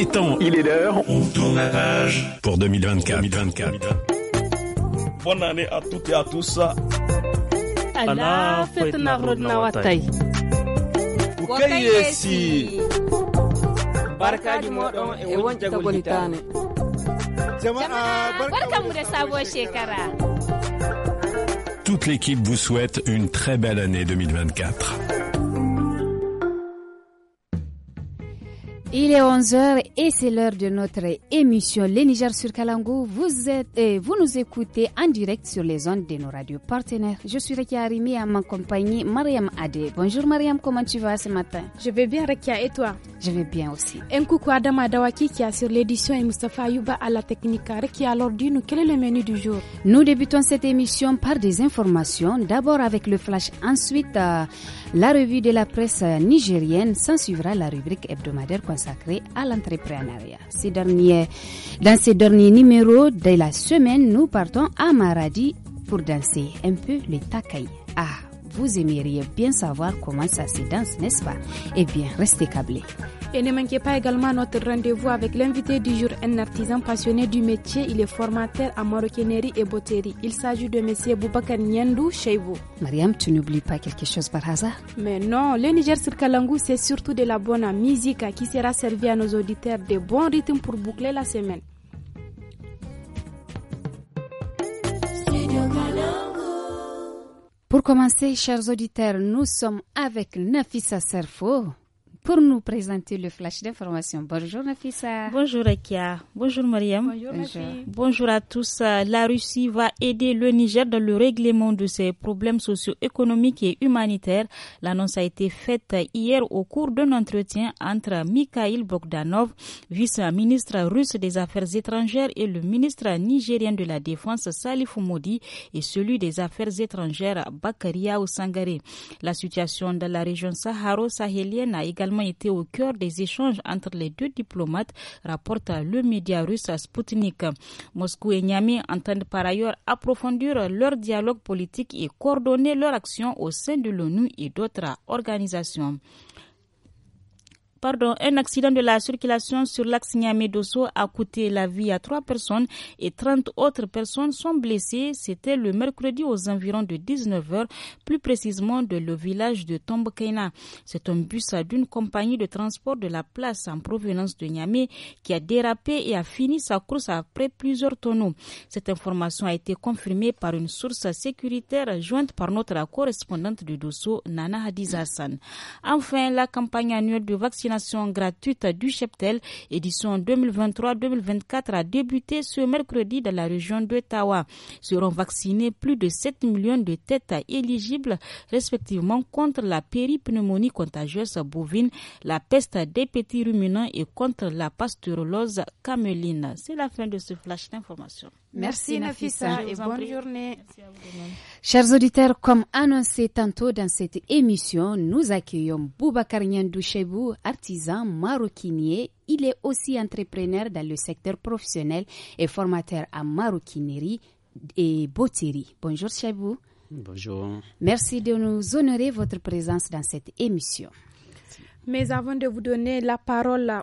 est temps, il est l'heure. pour 2024. 2024. Bonne année à toutes et à tous. Allah fetna rodna watay. Kukaye si. Barkaji modon e, e wonta golitane. Jama'a barkamu da sabuwar shekara. Toute l'équipe vous souhaite une très belle année 2024. Il est 11h et c'est l'heure de notre émission Les Niger sur Kalango. Vous, êtes, et euh, vous nous écoutez en direct sur les ondes de nos radios partenaires. Je suis Rekia Arimi à ma compagnie Mariam Adé. Bonjour Mariam, comment tu vas ce matin Je vais bien Rekia et toi Je vais bien aussi. Un coucou à Adama Dawaki qui sur l'édition et Mustafa Yuba à la technique. Rekia, alors dis-nous quel est le menu du jour Nous débutons cette émission par des informations. D'abord avec le flash, ensuite euh, la revue de la presse nigérienne. s'ensuivra la rubrique hebdomadaire consacré à l'entrepreneuriat. Ces derniers, dans ces derniers numéros de la semaine, nous partons à Maradi pour danser un peu le takaï. Ah, vous aimeriez bien savoir comment ça se danse, n'est-ce pas Eh bien, restez câblés. Et ne manquez pas également notre rendez-vous avec l'invité du jour, un artisan passionné du métier. Il est formateur à maroquinerie et botterie. Il s'agit de M. Boubacar chez vous. Mariam, tu n'oublies pas quelque chose par hasard Mais non, le Niger sur Kalangu, c'est surtout de la bonne musique qui sera servie à nos auditeurs, de bons rythmes pour boucler la semaine. Pour commencer, chers auditeurs, nous sommes avec Nafisa Serfo pour nous présenter le flash d'information. Bonjour Nafisa. Bonjour Akia. Bonjour Mariam. Bonjour, Bonjour. à tous. Euh, la Russie va aider le Niger dans le règlement de ses problèmes socio-économiques et humanitaires. L'annonce a été faite hier au cours d'un entretien entre Mikhail Bogdanov, vice-ministre russe des Affaires étrangères, et le ministre nigérien de la Défense Salif Modi et celui des Affaires étrangères Bakaria Sangare. La situation dans la région saharo-sahélienne a également également été au cœur des échanges entre les deux diplomates, rapporte le média russe Sputnik. Moscou et Niamey entendent par ailleurs approfondir leur dialogue politique et coordonner leur action au sein de l'ONU et d'autres organisations pardon, un accident de la circulation sur l'axe Niamey-Dosso a coûté la vie à trois personnes et 30 autres personnes sont blessées. C'était le mercredi aux environs de 19h, plus précisément de le village de Tombokena. C'est un bus d'une compagnie de transport de la place en provenance de Niamey qui a dérapé et a fini sa course après plusieurs tonneaux. Cette information a été confirmée par une source sécuritaire jointe par notre correspondante de Dosso, Nana Hadizassan. Enfin, la campagne annuelle de vaccination vaccination gratuite du cheptel édition 2023-2024 a débuté ce mercredi dans la région d'Ottawa. Seront vaccinés plus de 7 millions de têtes éligibles respectivement contre la péripneumonie contagieuse bovine, la peste des petits ruminants et contre la pasteurolose cameline. C'est la fin de ce flash d'information. Merci, Nafissa et bonne journée. Chers auditeurs, comme annoncé tantôt dans cette émission, nous accueillons Boubacar Ndiouchebou, artisan maroquinier. Il est aussi entrepreneur dans le secteur professionnel et formateur à maroquinerie et botterie. Bonjour Chebou. Bonjour. Merci de nous honorer votre présence dans cette émission. Mais avant de vous donner la parole,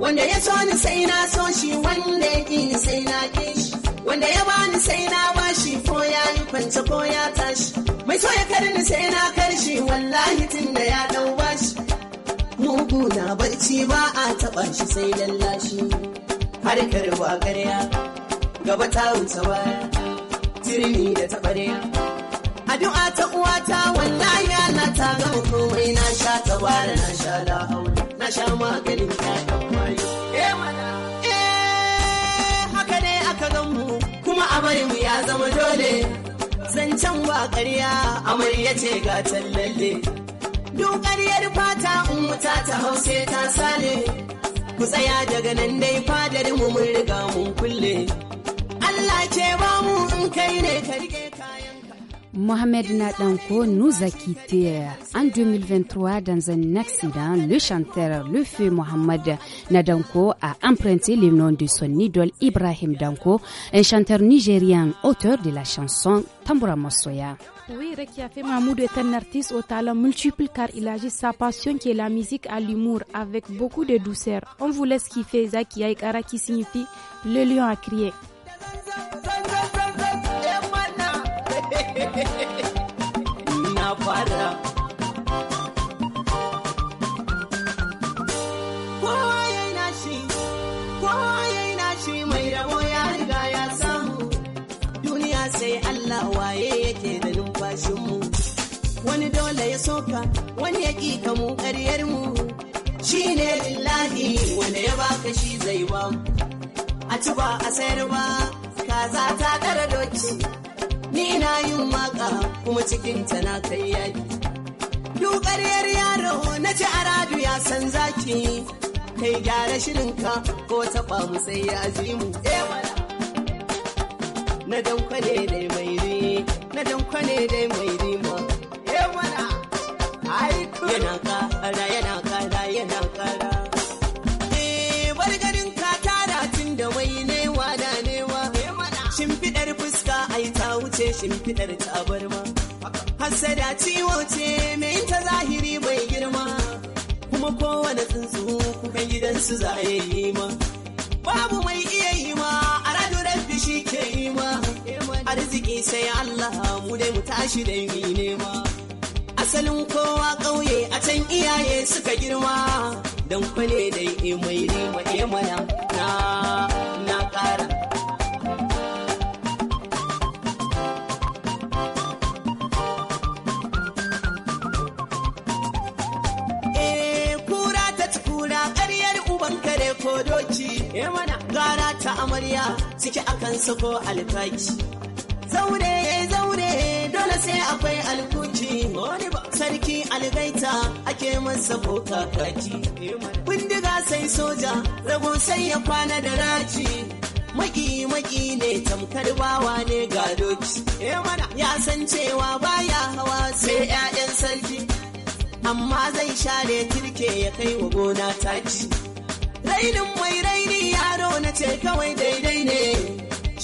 wanda ya so ni sai na so shi wanda ya ki ni sai na ki shi wanda ya bani sai na bashi ko ya yi kwance ko ya tashi mai so ya kar ni sai na kar shi wallahi tun da ya dau bashi mugu na barci ba a taba shi sai lallashi harkar wa ƙarya gaba ta wuce baya tirni da taɓarya addu'a ta uwata wallahi Allah ta gama komai na sha tabara na sha la na sha maganin ƴaƴan eh, eh haka ne aka gan mu kuma a mu ya zama dole. Zancen ba ƙarya amarya ce ga tallalle. Duk ƙaryar fata in wuta ta hause ta sale. Ku tsaya daga nan dai fadar mu mun riga mun kulle. Allah ce ba mu in kai ne ka rike kaya. Mohamed Nadanko nous a quittés en 2023 dans un accident. Le chanteur, le feu Mohamed Nadanko a emprunté le nom de son idole Ibrahim Danko, un chanteur nigérien, auteur de la chanson Tambura Mossoya. Oui, Rekia Mahmoud est un artiste au talent multiple car il agit sa passion qui est la musique à l'humour avec beaucoup de douceur. On vous laisse kiffer Zaki qui signifie le lion a crié. al'ada. Kowa nashi, kowa ya nashi mai rabo ya riga ya samu. Duniya sai Allah waye yake da numfashinmu. Wani dole ya soka, wani ya ƙi mu ƙaryarmu. Shi ne lillahi wanda ya baka shi zai ba. A ci ba a sayar ba, kaza ta ɗara doki. ni ina yin maka kuma cikin ta na kai yaki dukaryar yaro na ci aradu ya san zaki kai gyara shirinka ko taɓa mu sai ya ji mu eh na dankwane dai mai ri na dankwane dai mai rima eh yana kara yana kara yana kara shimfiɗar tabarma. Hassada ciwo ce mai ta zahiri mai girma, kuma kowane tsuntsu kuka gidansu za a yi ma. Babu mai iya yi ma, a rado rabbi shi ke yi ma, arziki sai Allah mu dai mu tashi da yi nema. Asalin kowa ƙauye a can iyaye suka girma, don kwale dai imai e rima e na na ƙara. ko eh gara ta amarya ciki akan sako alfaki zaure zaure dole sai akwai alkuci sarki algaita ake masa boka kaji eh bindiga sai soja rago sai ya kwana da raci maki maki ne tamkar bawa ne gadoci eh ya san cewa baya hawa sai 'ya'yan sarki amma zai share kirke ya kai wa gona taki rainin mai raini yaro na ce kawai daidai ne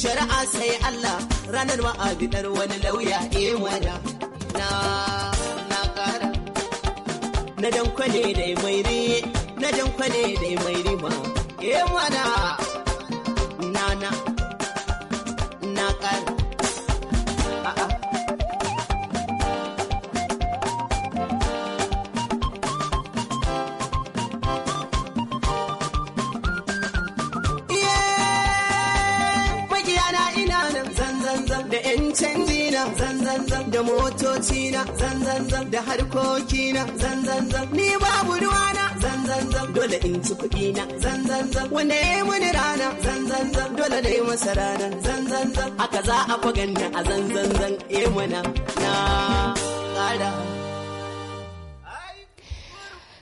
shari'a sai Allah ranar ma a bidar wani lauya eh wada na na kara na dan kwane dai mai ri na dan kwane dai mai ri ma eh wada na na na kara zan zan zan da motoci na zan zan zan da harkoki na zan zan zan ni babu ruwa na zan zan zan dole in ci kuɗi na zan zan zan wanda ya mini rana zan zan zan dole da yi masa rana zan zan zan haka za a ganna a zan zan zan eh mana na ƙara.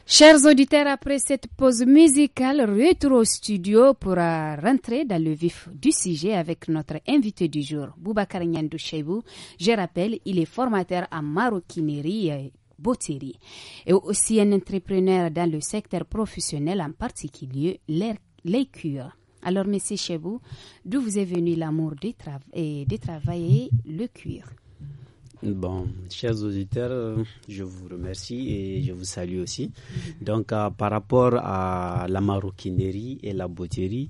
Chers auditeurs, après cette pause musicale, retour au studio pour euh, rentrer dans le vif du sujet avec notre invité du jour, Boubacar Nyandou Cheibou. Je rappelle, il est formateur en maroquinerie et botterie et aussi un entrepreneur dans le secteur professionnel, en particulier les cures. Alors, monsieur Chebou, d'où vous est venu l'amour de, de travailler le cuir Bon, chers auditeurs, hum. je vous remercie et je vous salue aussi. Donc, euh, par rapport à la maroquinerie et la beauté,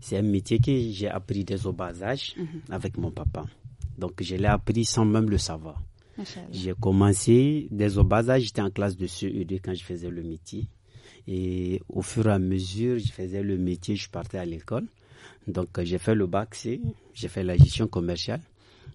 c'est un métier que j'ai appris dès au bas âge mhm. avec mon papa. Donc, je l'ai appris sans même le savoir. J'ai commencé dès au bas âge, j'étais en classe de CE2 quand je faisais le métier. Et au fur et à mesure, je faisais le métier, je partais à l'école. Donc, j'ai fait le bac C, j'ai fait la gestion commerciale.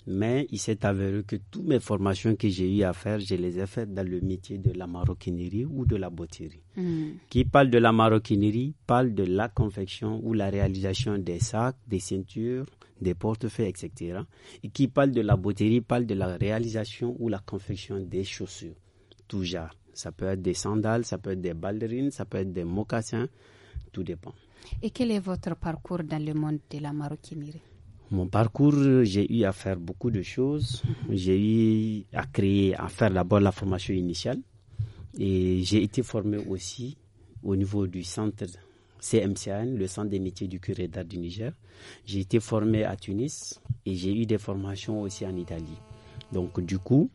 Mais il s'est avéré que toutes mes formations que j'ai eu à faire, je les ai faites dans le métier de la maroquinerie ou de la botterie. Hmm. Qui parle de la maroquinerie parle de la confection ou la réalisation des sacs, des ceintures, des portefeuilles, etc. Et qui parle de la botterie parle de la réalisation ou la confection des chaussures, tout genre. Ça peut être des sandales, ça peut être des ballerines, ça peut être des mocassins, tout dépend. Et quel est votre parcours dans le monde de la maroquinerie mon parcours, j'ai eu à faire beaucoup de choses. J'ai eu à créer, à faire d'abord la formation initiale. Et j'ai été formé aussi au niveau du centre CMCN, le centre des métiers du curé d'art du Niger. J'ai été formé à Tunis et j'ai eu des formations aussi en Italie. Donc du coup,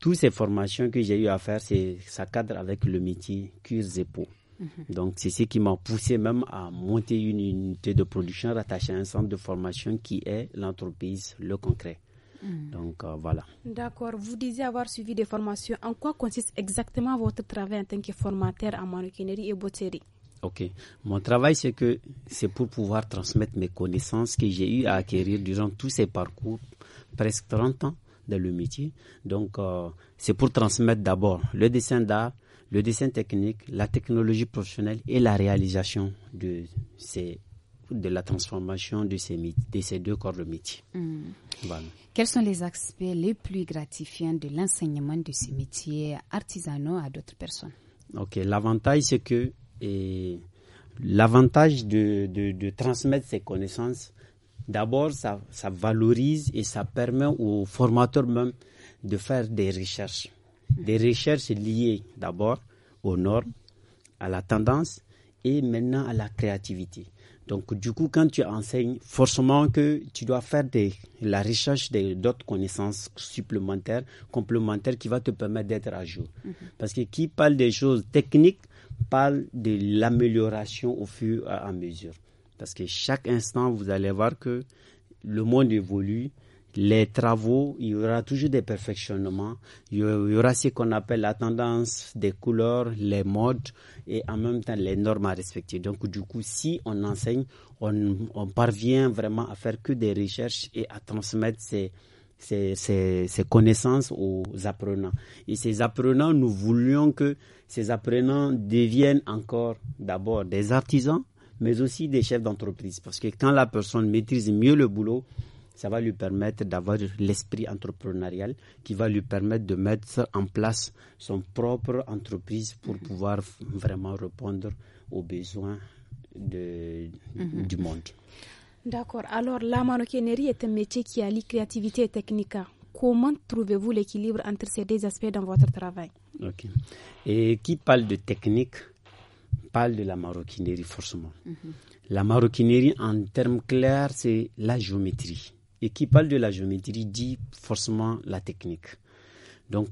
toutes ces formations que j'ai eu à faire, ça cadre avec le métier Cure Mhm. Donc, c'est ce qui m'a poussé même à monter une unité de production rattachée à un centre de formation qui est l'entreprise Le Concret. Mhm. Donc euh, voilà. D'accord. Vous disiez avoir suivi des formations. En quoi consiste exactement votre travail en tant que formateur en mannequinerie et botterie Ok. Mon travail, c'est que c'est pour pouvoir transmettre mes connaissances que j'ai eu à acquérir durant tous ces parcours, presque 30 ans dans le métier. Donc, euh, c'est pour transmettre d'abord le dessin d'art, le dessin technique, la technologie professionnelle et la réalisation de ces de la transformation de ces, de ces deux corps de métier. Hmm. Quels sont les aspects les plus gratifiants de l'enseignement de ces métiers artisanaux à d'autres personnes Ok, l'avantage c'est que l'avantage de, transmettre ces connaissances, d'abord ça, ça, valorise et ça permet aux formateurs même de faire des recherches des recherches liées d'abord au Nord, à la tendance et maintenant à la créativité. Donc du coup, quand tu enseignes, forcément que tu dois faire des, la recherche d'autres connaissances supplémentaires, complémentaires, qui va te permettre d'être à jour. Mhm. Parce que qui parle des choses techniques parle de l'amélioration au fur et à mesure. Parce que chaque instant, vous allez voir que le monde évolue, les travaux, il y aura toujours des perfectionnements, il y aura ce qu'on appelle la tendance des couleurs, les modes et en même temps les normes à respecter. Donc du coup, si on enseigne, on, parvient vraiment à faire que des recherches et à transmettre ces, connaissances aux apprenants. Et ces apprenants, nous voulions que ces apprenants deviennent encore d'abord des artisans, mais aussi des chefs d'entreprise. Parce que quand la personne maîtrise mieux le boulot, ça va lui permettre d'avoir l'esprit entrepreneurial qui va lui permettre de mettre en place son propre entreprise pour mhm. pouvoir vraiment répondre aux besoins de, mhm. du monde. D'accord. Alors, la maroquinerie est un métier qui allie créativité et technique. Comment trouvez-vous l'équilibre entre ces deux aspects dans votre travail Ok. Et qui parle de technique parle de la maroquinerie, forcément. Mhm. La maroquinerie, en termes clairs, c'est la géométrie. Et qui parle de la géométrie dit forcément la technique. Donc,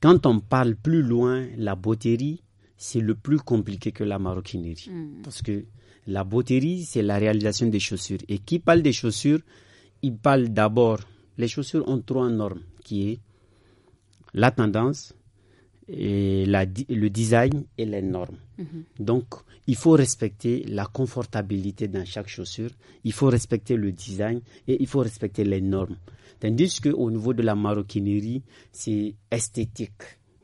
quand on parle plus loin, la botterie, c'est le plus compliqué que la maroquinerie. Hmm. Parce que la botterie, c'est la réalisation des chaussures. Et qui parle des chaussures, il parle d'abord. Les chaussures ont trois normes, qui est la tendance, et le design et les normes. Mhm. Donc, il faut respecter la confortabilité dans chaque chaussure, il faut respecter le design et il faut respecter les normes. Tandis qu'au niveau de la maroquinerie, c'est esthétique.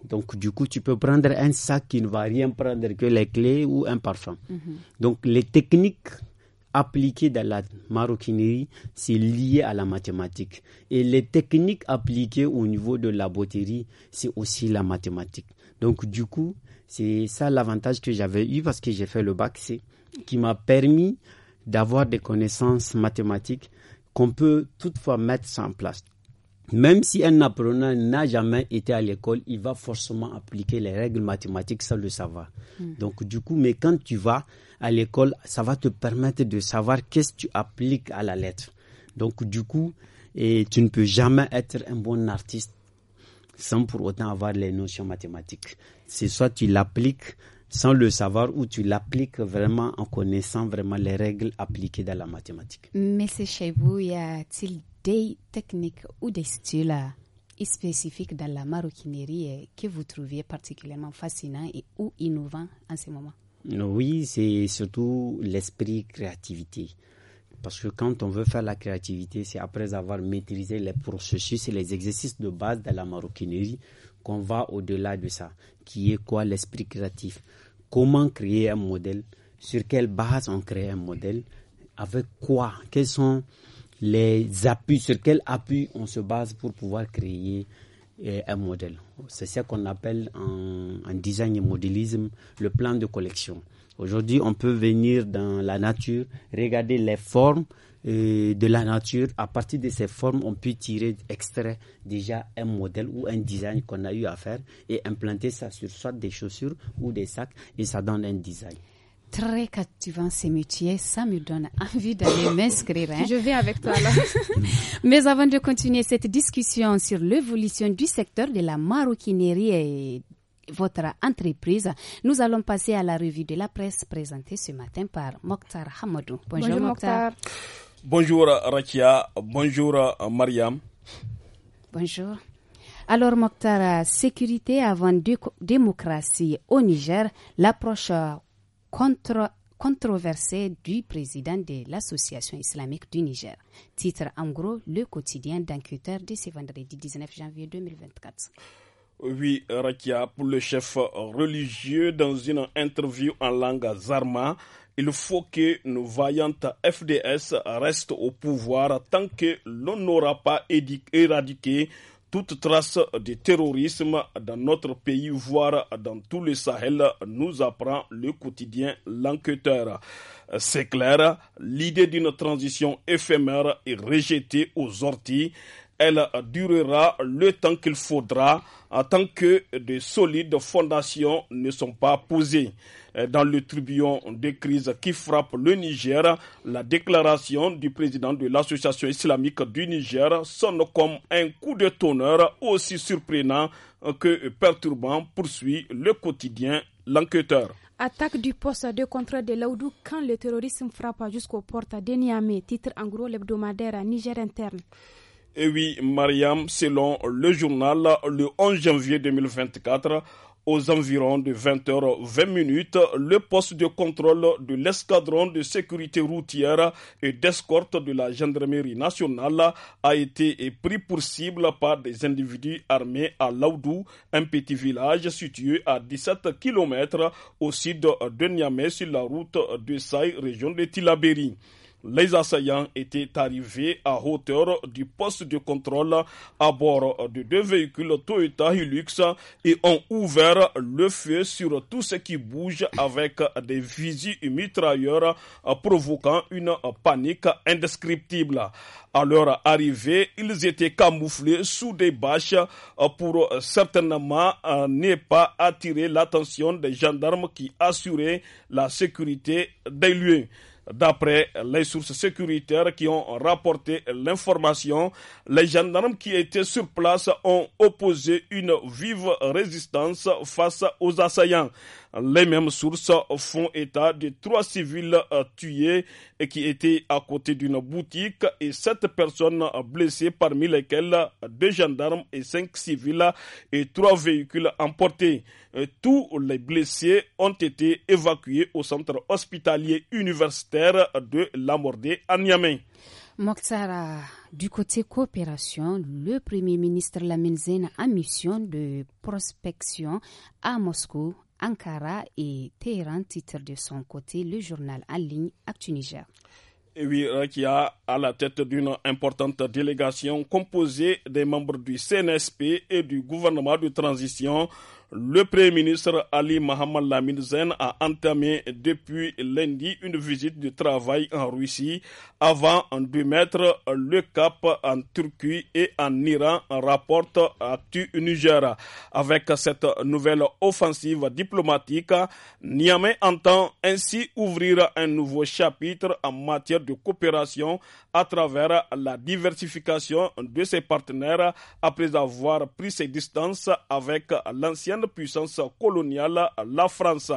Donc, du coup, tu peux prendre un sac qui ne va rien prendre que les clés ou un parfum. Mhm. Donc, les techniques appliqué dans la maroquinerie, c'est lié à la mathématique. Et les techniques appliquées au niveau de la botterie, c'est aussi la mathématique. Donc du coup, c'est ça l'avantage que j'avais eu parce que j'ai fait le bac C, qui m'a permis d'avoir des connaissances mathématiques qu'on peut toutefois mettre en place. Même si un apprenant n'a jamais été à l'école, il va forcément appliquer les règles mathématiques sans le savoir. Hmm. Donc du coup, mais quand tu vas à l'école, ça va te permettre de savoir qu'est-ce que tu appliques à la lettre. Donc du coup, et tu ne peux jamais être un bon artiste sans pour autant avoir les notions mathématiques. C'est soit tu l'appliques sans le savoir ou tu l'appliques vraiment en connaissant vraiment les règles appliquées dans la mathématique. Mais c'est chez vous, y a-t-il des techniques ou des styles spécifiques dans la maroquinerie que vous trouviez particulièrement fascinants et ou innovants en ce moment Oui, c'est surtout l'esprit créativité. Parce que quand on veut faire la créativité, c'est après avoir maîtrisé les processus et les exercices de base de la maroquinerie qu'on va au-delà de ça, qui est quoi l'esprit créatif. Comment créer un modèle Sur quelle base on crée un modèle Avec quoi Quels sont les appuis, sur quels appuis on se base pour pouvoir créer euh, un modèle. C'est ce qu'on appelle en, design et modélisme le plan de collection. Aujourd'hui, on peut venir dans la nature, regarder les formes euh, de la nature. À partir de ces formes, on peut tirer extraire déjà un modèle ou un design qu'on a eu à faire et implanter ça sur soit des chaussures ou des sacs et ça donne un design très captivant ces métiers, Ça me donne envie d'aller m'inscrire. Hein. Je vais avec toi là. Mais avant de continuer cette discussion sur l'évolution du secteur de la maroquinerie et votre entreprise, nous allons passer à la revue de la presse présentée ce matin par Mokhtar Hamadou. Bonjour, Bonjour Mokhtar. Bonjour Rakia. Bonjour Mariam. Bonjour. Alors, Mokhtar, sécurité avant démocratie au Niger, l'approche Controversé du président de l'Association islamique du Niger. Titre en gros le quotidien d'enquêteur de ce vendredi 19 janvier 2024. Oui, Rakia, pour le chef religieux, dans une interview en langue zarma, il faut que nos vaillantes FDS restent au pouvoir tant que l'on n'aura pas éradiqué toute trace de terrorisme dans notre pays, voire dans tout le Sahel, nous apprend le quotidien L'enquêteur. C'est clair, l'idée d'une transition éphémère est rejetée aux orties. Elle durera le temps qu'il faudra, tant que de solides fondations ne sont pas posées. Euh, dans le tribunal des crises qui frappe le Niger, la déclaration du président de l'Association islamique du Niger sonne comme un coup de tonnerre aussi surprenant que perturbant, poursuit le quotidien L'enquêteur. Attaque du poste de contrôle de Laoudou quand le terrorisme frappe jusqu'aux portes de Niamey, titre en gros l'hebdomadaire Niger interne. Et oui, Mariam, selon le journal, le 11 janvier 2024, aux environs de 20h20, le poste de contrôle de l'escadron de sécurité routière et d'escorte de la gendarmerie nationale a été pris pour cible par des individus armés à Laoudou, un petit village situé à 17 km au sud de Niamey sur la route de Saï, région de Tilabéry les assaillants étaient arrivés à hauteur du poste de contrôle à bord de deux véhicules Toyota Hilux et ont ouvert le feu sur tout ce qui bouge avec des visites mitrailleurs provoquant une panique indescriptible. À leur arrivée, ils étaient camouflés sous des bâches pour certainement ne pas attirer l'attention des gendarmes qui assuraient la sécurité des lieux. D'après les sources sécuritaires qui ont rapporté l'information, les gendarmes qui étaient sur place ont opposé une vive résistance face aux assaillants. Les mêmes sources font état de trois civils euh, tués et qui étaient à côté d'une boutique et sept personnes blessées parmi lesquelles deux gendarmes et cinq civils et trois véhicules emportés. Euh, tous les blessés ont été évacués au centre hospitalier universitaire de Lamordé à Niamey. Mokhtar, euh, du côté coopération, le Premier ministre Lamine a mission de prospection à Moscou, Ankara et Téhéran, titre de son côté le journal en ligne Actu Niger. oui, qui a à la tête d'une importante délégation composée des membres du CNSP et du gouvernement de transition, le Premier ministre Ali Mohamed Lamine a entamé depuis lundi une visite de travail en Russie avant de mettre le cap en Turquie et en Iran, rapporte Actu Niger. Avec cette nouvelle offensive diplomatique, Niamey entend ainsi ouvrir un nouveau chapitre en matière de coopération à travers la diversification de ses partenaires après avoir pris ses distances avec l'ancienne puissance coloniale, la France.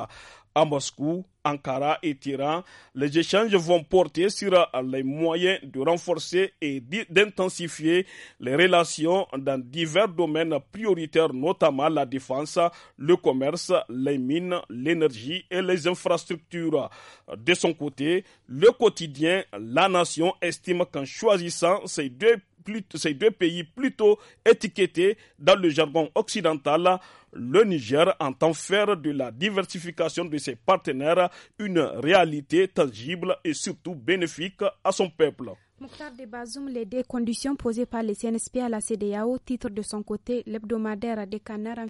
À Moscou, Ankara et Tiran, les échanges vont porter sur les moyens de renforcer et d'intensifier les relations dans divers domaines prioritaires, notamment la défense, le commerce, les mines, l'énergie et les infrastructures. De son côté, le quotidien, la nation estime qu'en choisissant ces ces deux pays plutôt étiquetés dans le jargon occidental, le Niger entend faire de la diversification de ses partenaires une réalité tangible et surtout bénéfique à son peuple. Mokhtar Debazoum, les deux conditions posées par le CNSP à la CDAO, titre de son côté l'hebdomadaire des canards en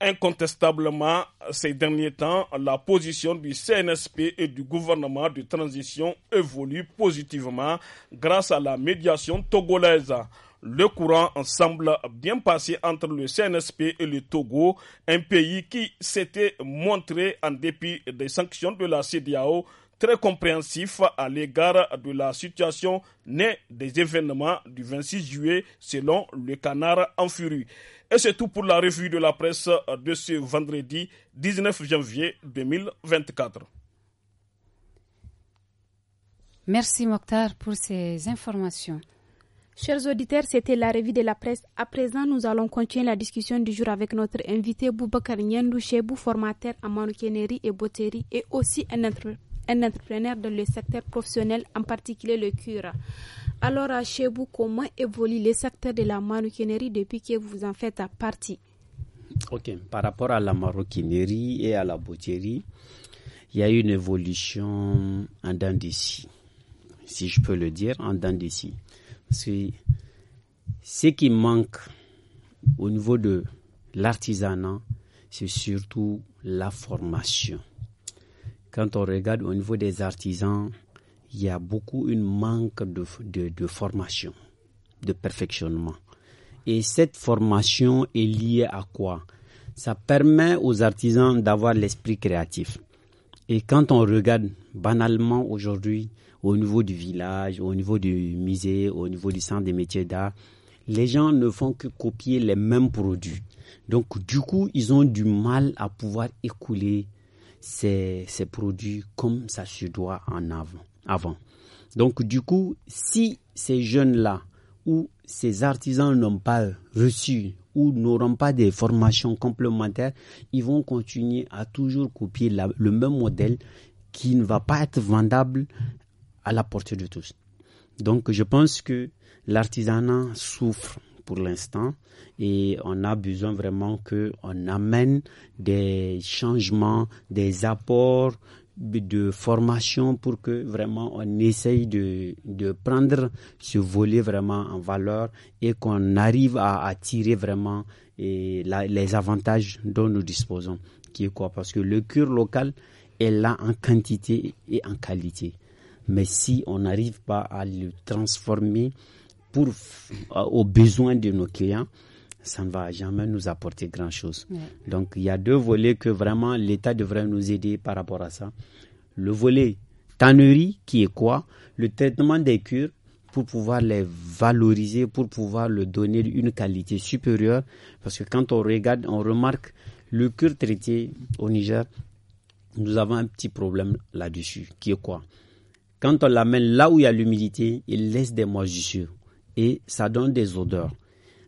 Incontestablement, ces derniers temps, la position du CNSP et du gouvernement de transition évolue positivement grâce à la médiation togolaise. Le courant semble bien passer entre le CNSP et le Togo, un pays qui s'était montré, en dépit des sanctions de la CDAO, très compréhensif à l'égard de la situation née des événements du 26 juillet, selon le canard en furie. Et c'est tout pour la revue de la presse de ce vendredi 19 janvier 2024. Merci Mokhtar pour ces informations. Chers auditeurs, c'était la revue de la presse. À présent, nous allons continuer la discussion du jour avec notre invité Boubacar Nyendou Chebou, formateur en maroquinerie et botterie et aussi un, entrepreneur dans le secteur professionnel, en particulier le cura. Alors, à euh, Chebou, comment évolue le secteur de la maroquinerie depuis que vous en faites partie Ok, par rapport à la maroquinerie et à la botterie, il y a eu une évolution en dents si je peux le dire, en dents parce que ce qui manque au niveau de l'artisanat, c'est surtout la formation. Quand on regarde au niveau des artisans, il y a beaucoup une manque de formation, de perfectionnement. Et cette formation est liée à quoi Ça permet aux artisans d'avoir l'esprit créatif. Et quand on regarde banalement aujourd'hui, au niveau du village, au niveau du musée, au niveau du centre des métiers d'art, les gens ne font que copier les mêmes produits. Donc du coup, ils ont du mal à pouvoir écouler ces, ces produits comme ça se doit en avant. avant. Donc du coup, si ces jeunes-là ou ces artisans n'ont pas reçu ou n'auront pas des formations complémentaires, ils vont continuer à toujours copier le même modèle qui ne va pas être vendable à la portée de tous. Donc je pense que l'artisanat souffre pour l'instant et on a besoin vraiment qu'on amène des changements, des apports de formation pour que vraiment on essaye de, de prendre ce volet vraiment en valeur et qu'on arrive à, attirer vraiment les avantages dont nous disposons. Qui est quoi Parce que le cure local est là en quantité et en qualité. Mais si on n'arrive pas à le transformer euh, aux besoins de nos clients, ça ne va jamais nous apporter grand-chose. Donc il y a deux volets que vraiment l'État devrait nous aider par rapport à ça. Le volet tannerie, qui est quoi Le traitement des cures pour pouvoir les valoriser, pour pouvoir leur donner une qualité supérieure. Parce que quand on regarde, on remarque le cure traité au Niger, nous avons un petit problème là-dessus, qui est quoi quand on l'amène là où il y a l'humidité, il laisse des moisissures et ça donne des odeurs.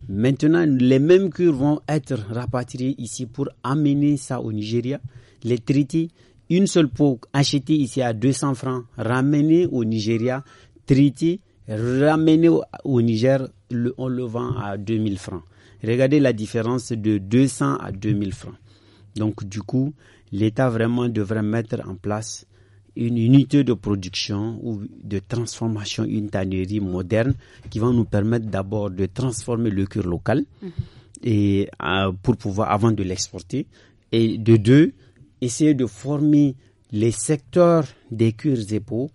Maintenant, les mêmes cures vont être rapatriées ici pour amener ça au Nigeria. Les triti, une seule peau achetée ici à 200 francs, ramenée au Nigeria, Triti, ramenée au, Niger, on le vend à 2000 francs. Regardez la différence de 200 à 2000 francs. Donc, du coup, l'État vraiment devrait mettre en place une unité de production ou de transformation, une tannerie moderne qui va nous permettre d'abord de transformer le cuir local mhm. et euh, pour pouvoir avant de l'exporter et de deux essayer de former les secteurs des cuirs et peaux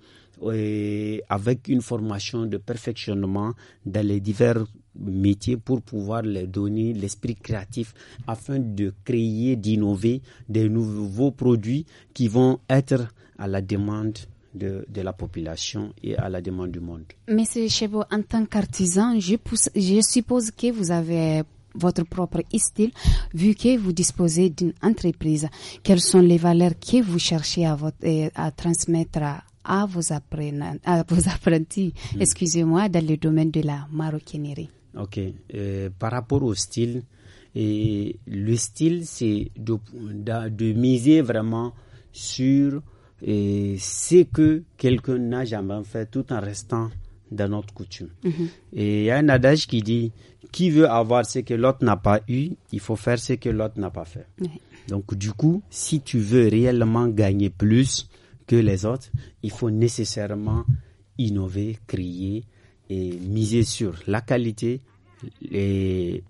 avec une formation de perfectionnement dans les divers métiers pour pouvoir leur donner l'esprit créatif afin de créer, d'innover des nouveaux produits qui vont être à la demande de, de, la population et à la demande du monde. Monsieur Chebo, en tant qu'artisan, je, suppose que vous avez votre propre style, vu que vous disposez d'une entreprise. Quelles sont les valeurs que vous cherchez à, votre, à transmettre à, à vos, à vos apprentis, hmm. excusez-moi, dans le domaine de la maroquinerie Ok. Euh, par rapport au style, et le style, c'est de miser vraiment sur et c'est que quelqu'un n'a jamais fait tout en restant dans notre coutume. Mhm. Et il y a un adage qui dit qui veut avoir ce que l'autre n'a pas eu, il faut faire ce que l'autre n'a pas fait. Donc du coup, si tu veux réellement gagner plus que les autres, il faut nécessairement innover, créer et miser sur la qualité, et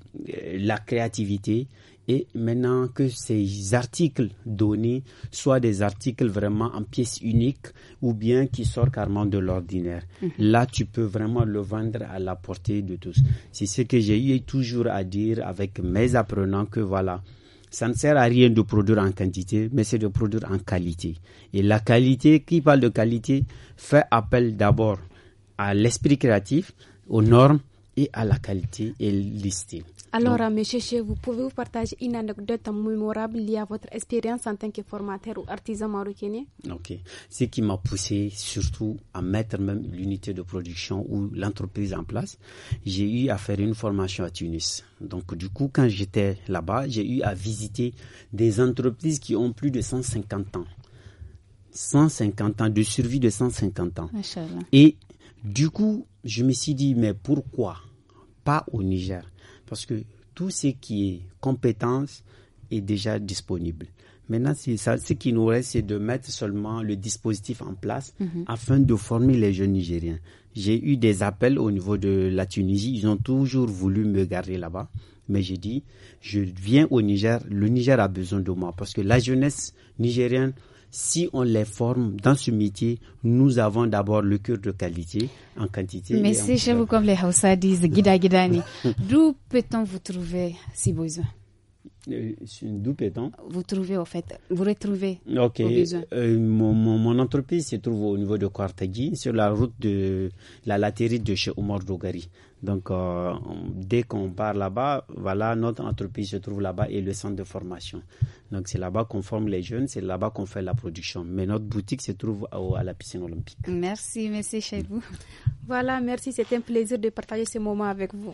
la créativité, et maintenant que ces articles donnés soient des articles vraiment en pièces uniques ou bien qui sortent carrément de l'ordinaire. Mhm. Là, tu peux vraiment le vendre à la portée de tous. C'est ce que j'ai eu toujours à dire avec mes apprenants que voilà, ça ne sert à rien de produire en quantité, mais c'est de produire en qualité. Et la qualité, qui parle de qualité, fait appel d'abord à l'esprit créatif, aux normes et à la qualité et l'estime. Alors, M. Cheche, vous pouvez vous partager une anecdote mémorable liée à votre expérience en tant que formateur ou artisan marocain Ok. Ce qui m'a poussé surtout à mettre même l'unité de production ou l'entreprise en place, j'ai eu à faire une formation à Tunis. Donc, du coup, quand j'étais là-bas, j'ai eu à visiter des entreprises qui ont plus de 150 ans. 150 ans, de survie de 150 ans. Et du coup, je me suis dit, mais pourquoi pas au Niger parce que tout ce qui est compétence est déjà disponible. Maintenant, ce qui nous reste, c'est de mettre seulement le dispositif en place mhm. afin de former les jeunes Nigériens. J'ai eu des appels au niveau de la Tunisie. Ils ont toujours voulu me garder là-bas. Mais j'ai dit, je viens au Niger. Le Niger a besoin de moi parce que la jeunesse nigérienne si on les forme dans ce métier, nous avons d'abord le cœur de qualité en quantité. Mais c'est chez vous comme les Hausa disent, guida D'où peut-on vous trouver si besoin euh, vous trouvez, en fait, vous retrouvez. Euh, mon, entreprise se trouve au niveau de Kwartagi, sur la route de la latérite de chez Omar Dogari. Donc, euh, dès qu'on part là-bas, voilà, notre entreprise se trouve là-bas et le centre de formation. Donc, c'est là-bas qu'on forme les jeunes, c'est là-bas qu'on fait la production. Mais notre boutique se trouve à, la piscine olympique. Merci, merci chez vous. Voilà, merci. C'est un plaisir de partager ce moment avec vous.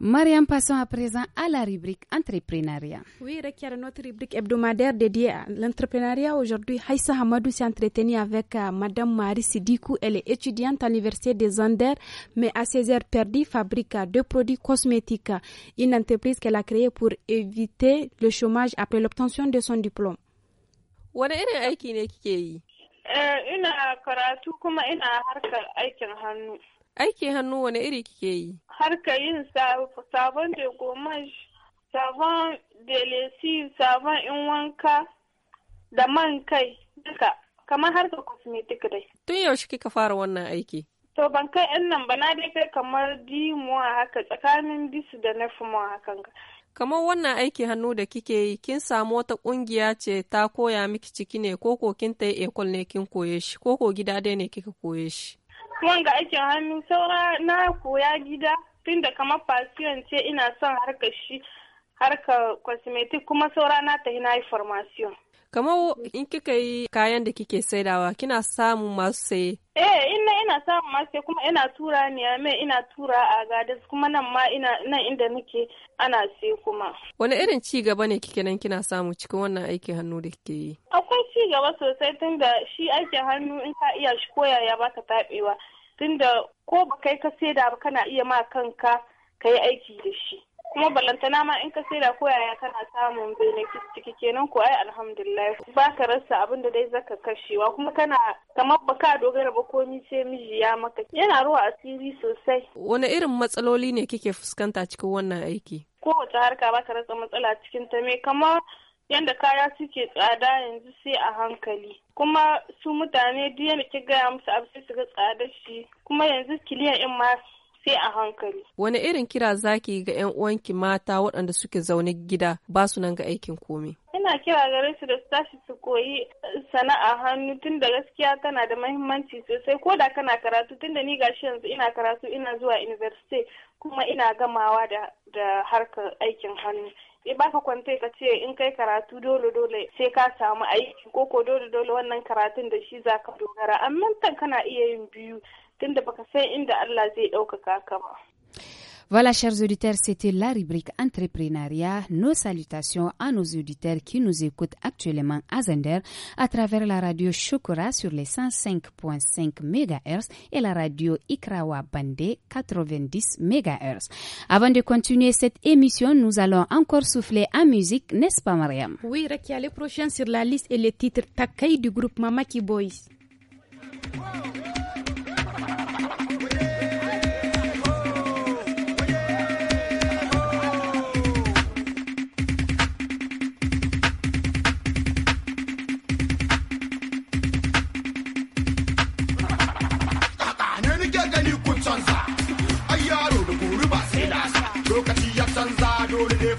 Mariam, passons à présent à la rubrique entrepreneuriat. Oui, Rekia, notre rubrique hebdomadaire dédiée à l'entrepreneuriat. Aujourd'hui, Haïssa Hamadou s'est entretenue avec euh, Madame Marie Sidikou. Elle est étudiante à l'Université des Anders, mais à ses heures perdues, fabrique euh, deux produits cosmétiques. une entreprise qu'elle a créée pour éviter le chômage après l'obtention de son diplôme. Aiki hannu wani iri kike yi? Harka yi sabon da gomash, sabon delesi, sabon in wanka da man kai duka. Kamar harka cosmetic dai. Tun yaushe kika fara wannan aiki? To ban kai yan nan ba na dai kai kamar dimuwa haka tsakanin disu da na fumuwa hakan Kamar wannan aiki hannu da kike yi, kin samu wata kungiya ce ta koya miki ciki ne ko kin ta yi ekol ne kin koye shi, ko ko gida dai ne kika koye shi. ga aikin hannu saura na koya gida tun da kamar fasiyon ce ina son harkar shi harkar cosmetic kuma saura na ta na yi formation. Kamar in kika yi kayan da kike saidawa kina samun masu saye? Eh ina ina samun masu saye kuma ina tura ne mai ina tura a gadas kuma nan ma ina nan inda nake ana saye kuma. Wani irin ci gaba ne kike nan kina samu cikin wannan aikin hannu da kike yi? Akwai ci gaba sosai tunda shi aikin hannu in ka iya shi koyaya baka taɓewa tunda ko ba kai ka saida ba kana iya ma kanka ka yi aiki da shi. kuma balantana ma in ka saida ko yaya kana samun benefit ciki kenan ko ai alhamdulillah ba ka rasa abin da dai zaka kashewa kuma kana kamar ka dogara ba ni sai miji ya maka yana ruwa asiri sosai wani irin matsaloli ne kike fuskanta cikin wannan aiki kowace harka ba ka rasa matsala cikin ta me kamar yanda kaya suke tsada yanzu sai a hankali kuma su mutane duk yadda ki gaya musu abu sai su ga tsada shi kuma yanzu kiliyan in ma sai a hankali. Wani irin kira zaki ga 'yan uwanki mata waɗanda suke zaune gida ba su nan ga aikin komi? Ina kira gare su da su tashi su koyi sana'a hannu tun da gaskiya tana da mahimmanci sosai ko da kana karatu tun da ni gashi yanzu ina karatu ina zuwa university kuma ina gamawa da, da harkar aikin hannu. baka kwanta ka ce in kai karatu dole dole sai ka samu aiki ko ko dole dole wannan karatun da shi za ka dogara amma kana iya yin biyu tunda baka san inda Allah zai ɗaukaka ka ba. Voilà, chers auditeurs, c'était la rubrique entrepreneuriat. Nos salutations à nos auditeurs qui nous écoutent actuellement à Zender à travers la radio Chokora sur les 105.5 MHz et la radio Ikrawa Bandé 90 MHz. Avant de continuer cette émission, nous allons encore souffler en musique, n'est-ce pas, Mariam? Oui, Rekia, le prochain sur la liste est le titre Takai du groupe Mamaki Boys.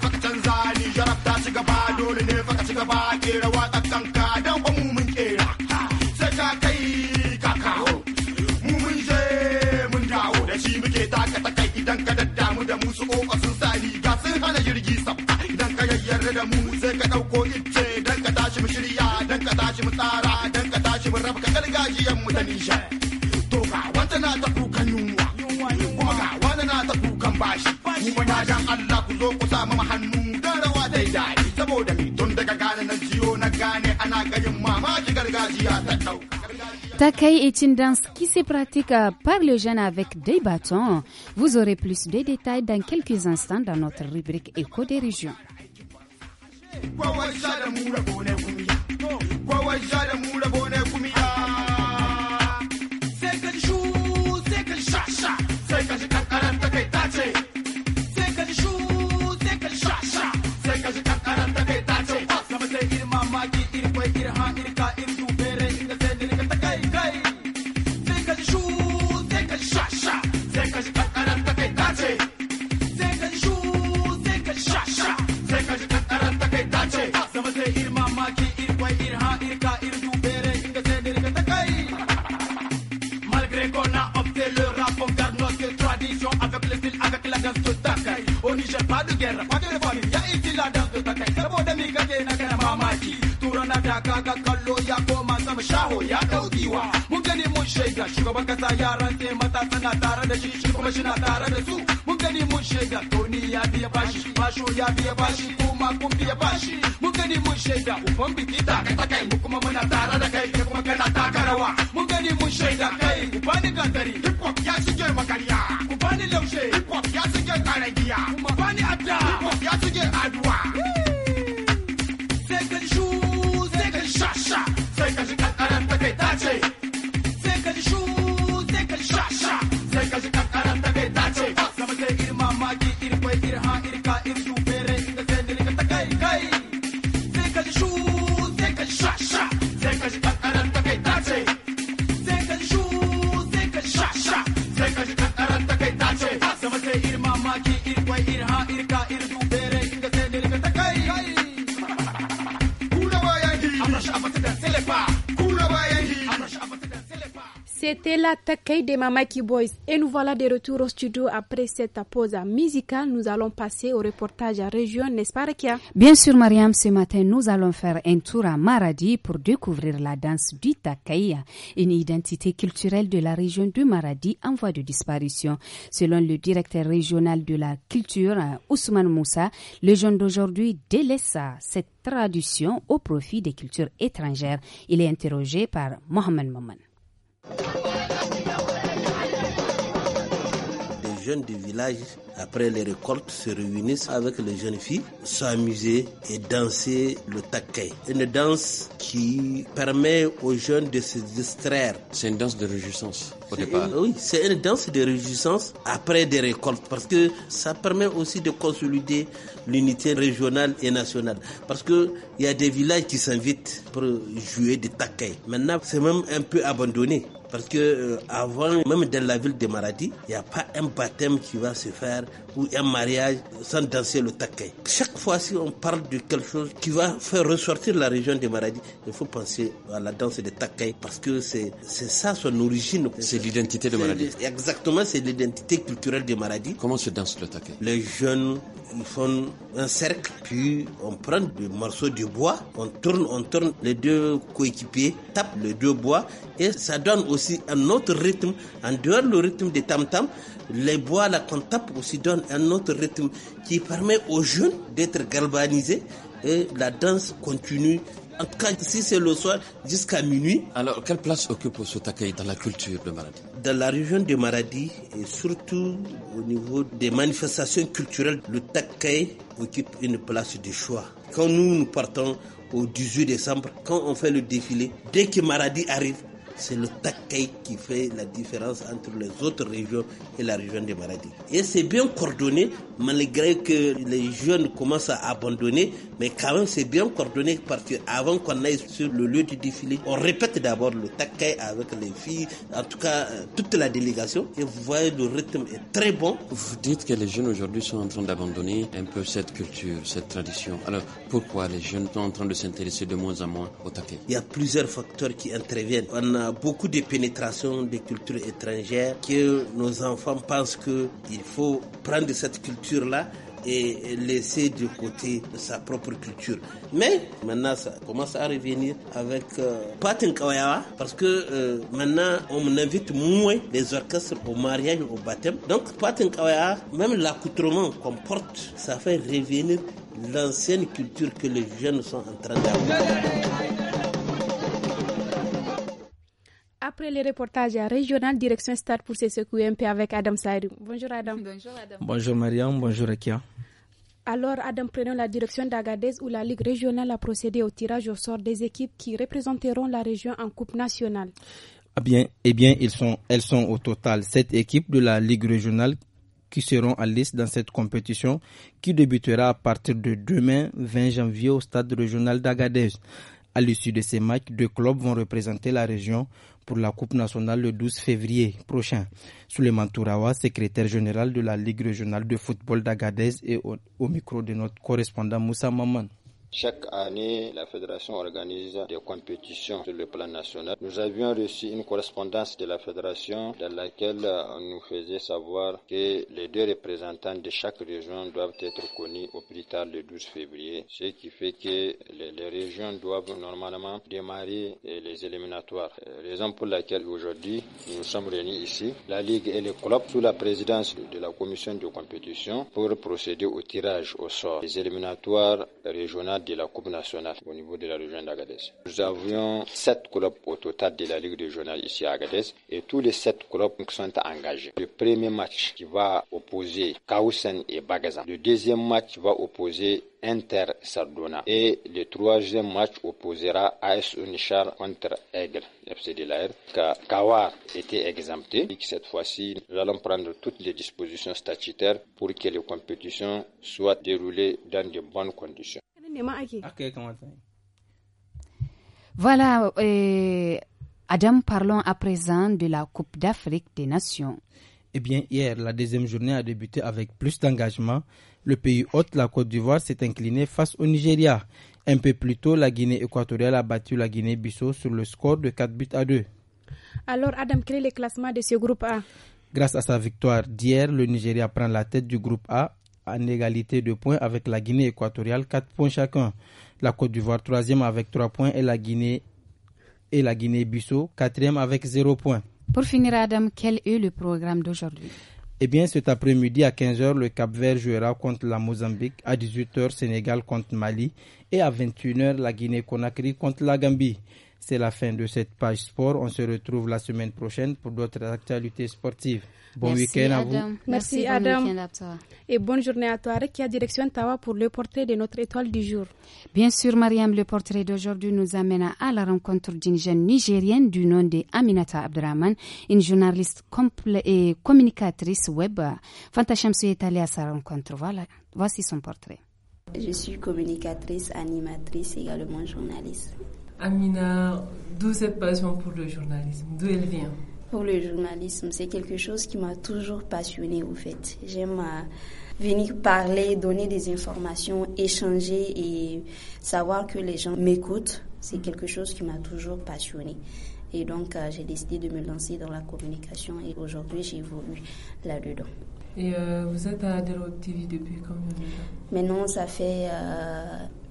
fa ka canza ni jarab ta ci gaba dole ne fa ka ci gaba kera waƙa kanka dan ba mu mun kera sai ka kai ka kawo mun je mun dawo da shi muke taka ta kai idan ka daddamu da mu su ƙoƙa sun sa riga sun hana jirgi sam idan ka yayyarda da mu sai ka ɗauko ice dan ka tashi mu shirya dan ka tashi mu tsara dan ka tashi mu rabka gajiyan mu da nishaɗi. To ga wata na ta kukan yunwa, kuma ga wani na ta kukan bashi, kuma na jan Allah zo est une danse qui se pratique par le jeune avec des bâtons. Vous aurez plus de détails dans quelques instants dans notre rubrique Éco des régions. tana tsana tare da shi shi kuma shi na tare da su mun gani mun shaida toni ya biya bashi basho ya biya bashi kuma kun biya bashi mun gani mun shaida ufan biki ta kai ta kai mu kuma muna tare Takay de Mama Mamaki Boys. Et nous voilà de retour au studio après cette pause musicale. Nous allons passer au reportage à région, n'est-ce pas, Bien sûr, Mariam, ce matin, nous allons faire un tour à Maradi pour découvrir la danse du Takaïa, une identité culturelle de la région de Maradi en voie de disparition. Selon le directeur régional de la culture, Ousmane Moussa, le jeune d'aujourd'hui délaissent cette tradition au profit des cultures étrangères. Il est interrogé par Mohamed Moumane. jeunes du village après les récoltes, se réunissent avec les jeunes filles, s'amuser et danser le taquet. Une danse qui permet aux jeunes de se distraire. C'est une danse de réjouissance au départ. oui, c'est une danse de réjouissance après des récoltes parce que ça permet aussi de consolider l'unité régionale et nationale. Parce que il y a des villages qui s'invitent pour jouer des taquets. Maintenant, c'est même un peu abandonné. Parce que euh, avant, même dans la ville de Maradi, il n'y a pas un baptême qui va se faire ou un mariage sans danser le taquet. Chaque fois, si on parle de quelque chose qui va faire ressortir la région des maladies, il faut penser à la danse des taquets parce que c'est ça son origine. C'est l'identité de Maradis. Exactement, c'est l'identité culturelle des maladies. Comment se danse le taquet Les jeunes ils font un cercle, puis on prend des morceaux de bois, on tourne, on tourne, les deux coéquipiers tapent les deux bois, et ça donne aussi un autre rythme, en dehors du rythme des tam-tam, les bois, la tape aussi donne un autre rythme qui permet aux jeunes d'être galvanisés et la danse continue. En tout cas, si c'est le soir, jusqu'à minuit. Alors, quelle place occupe ce Takai dans la culture de Maradi Dans la région de Maradi, et surtout au niveau des manifestations culturelles, le Takai occupe une place de choix. Quand nous, nous partons au 18 décembre, quand on fait le défilé, dès que Maradi arrive, c'est le Takai qui fait la différence entre les autres régions et la région des maladies. Et c'est bien coordonné, malgré que les jeunes commencent à abandonner, mais quand même c'est bien coordonné parce qu'avant qu'on aille sur le lieu du défilé, on répète d'abord le Takai avec les filles, en tout cas euh, toute la délégation, et vous voyez le rythme est très bon. Vous dites que les jeunes aujourd'hui sont en train d'abandonner un peu cette culture, cette tradition. Alors pourquoi les jeunes sont en train de s'intéresser de moins en moins au Takai Il y a plusieurs facteurs qui interviennent. On a beaucoup de pénétration des cultures étrangères, que nos enfants pensent qu'il faut prendre cette culture-là et laisser de côté sa propre culture. Mais maintenant, ça commence à revenir avec Pat euh, Patin parce que euh, maintenant, on invite moins les orchestres au mariage, au baptême. Donc, Patin même l'accoutrement qu'on porte, ça fait revenir l'ancienne culture que les jeunes sont en train d'avoir. Après le reportage régional, direction Stade pour CCQMP avec Adam Saïdou. Bonjour Adam. Bonjour Adam. Bonjour Mariam, bonjour Akia. Alors, Adam, prenons la direction d'Agadez où la Ligue régionale a procédé au tirage au sort des équipes qui représenteront la région en Coupe nationale. Ah bien, eh bien, elles sont au total sept équipes de la Ligue régionale qui seront à liste dans cette compétition qui débutera à partir de demain 20 janvier au stade régional d'Agadez. À l'issue de ces matchs, deux clubs vont représenter la région pour la Coupe nationale le 12 février prochain. Souleymane Tourawa, secrétaire général de la Ligue régionale de football d'Agadez, et au, micro de notre correspondant Moussa Maman. Chaque année, la fédération organise des compétitions sur le plan national. Nous avions reçu une correspondance de la fédération dans laquelle on nous faisait savoir que les deux représentants de chaque région doivent être connus au plus tard le 12 février, ce qui fait que les, régions doivent normalement démarrer les éliminatoires. Raison pour laquelle aujourd'hui nous sommes réunis ici, la Ligue et les clubs sous la présidence de la commission de compétition pour procéder au tirage au sort des éliminatoires régionales de la Coupe nationale au niveau de la région d'Agadez. Nous avions sept clubs au total de la Ligue régionale ici à Agadez et tous les sept clubs sont engagés. Le premier match qui va opposer Kausen et Bagazan. Le deuxième match va opposer Inter Sardona. Et le troisième match opposera AS Unichar contre Aigle, FC de l'Air. Kawar était exempté. Et cette fois-ci, nous allons prendre toutes les dispositions statutaires pour que les compétitions soient déroulées dans de bonnes conditions voilà eh, Adam parlons à présent de la Coupe d'Afrique des Nations eh bien, hier, la deuxième journée a débuté avec plus d'engagement. Le pays hôte, la Côte d'Ivoire, s'est incliné face au Nigeria. Un peu plus tôt, la Guinée équatoriale a battu la Guinée-Bissau sur le score de 4 buts à 2. Alors, Adam, quel est le classement de ce groupe A Grâce à sa victoire d'hier, le Nigeria prend la tête du groupe A en égalité de points avec la Guinée équatoriale, 4 points chacun. La Côte d'Ivoire troisième avec 3 points et la Guinée et la Guinée-Bissau quatrième avec 0 points. Pour finir, Adam, quel est le programme d'aujourd'hui eh bien, cet après-midi à 15h, le Cap Vert jouera contre la Mozambique, à 18h, Sénégal contre Mali et à 21h, la Guinée-Conakry contre la Gambie. C'est la fin de cette page sport. On se retrouve la semaine prochaine pour d'autres actualités sportives. Bon week-end à vous. Merci, Merci Adam. à toi. Et bonne journée à toi, Rekia, direction Tawa pour le portrait de notre étoile du jour. Bien sûr, Mariam, le portrait d'aujourd'hui nous amène à la rencontre d'une jeune Nigérienne du nom de Aminata Abdraman, une journaliste et communicatrice web. Fanta est allée à sa rencontre. Voilà, voici son portrait. Je suis communicatrice, animatrice, également journaliste. Amina, d'où cette passion pour le journalisme D'où elle vient Pour le journalisme, c'est quelque chose qui m'a toujours passionnée au fait. J'aime euh, venir parler, donner des informations, échanger et savoir que les gens m'écoutent. C'est quelque chose qui m'a toujours passionnée. Et donc, euh, j'ai décidé de me lancer dans la communication et aujourd'hui, j'évolue là-dedans. Et euh, vous êtes à Adelot TV depuis combien de temps Maintenant, ça fait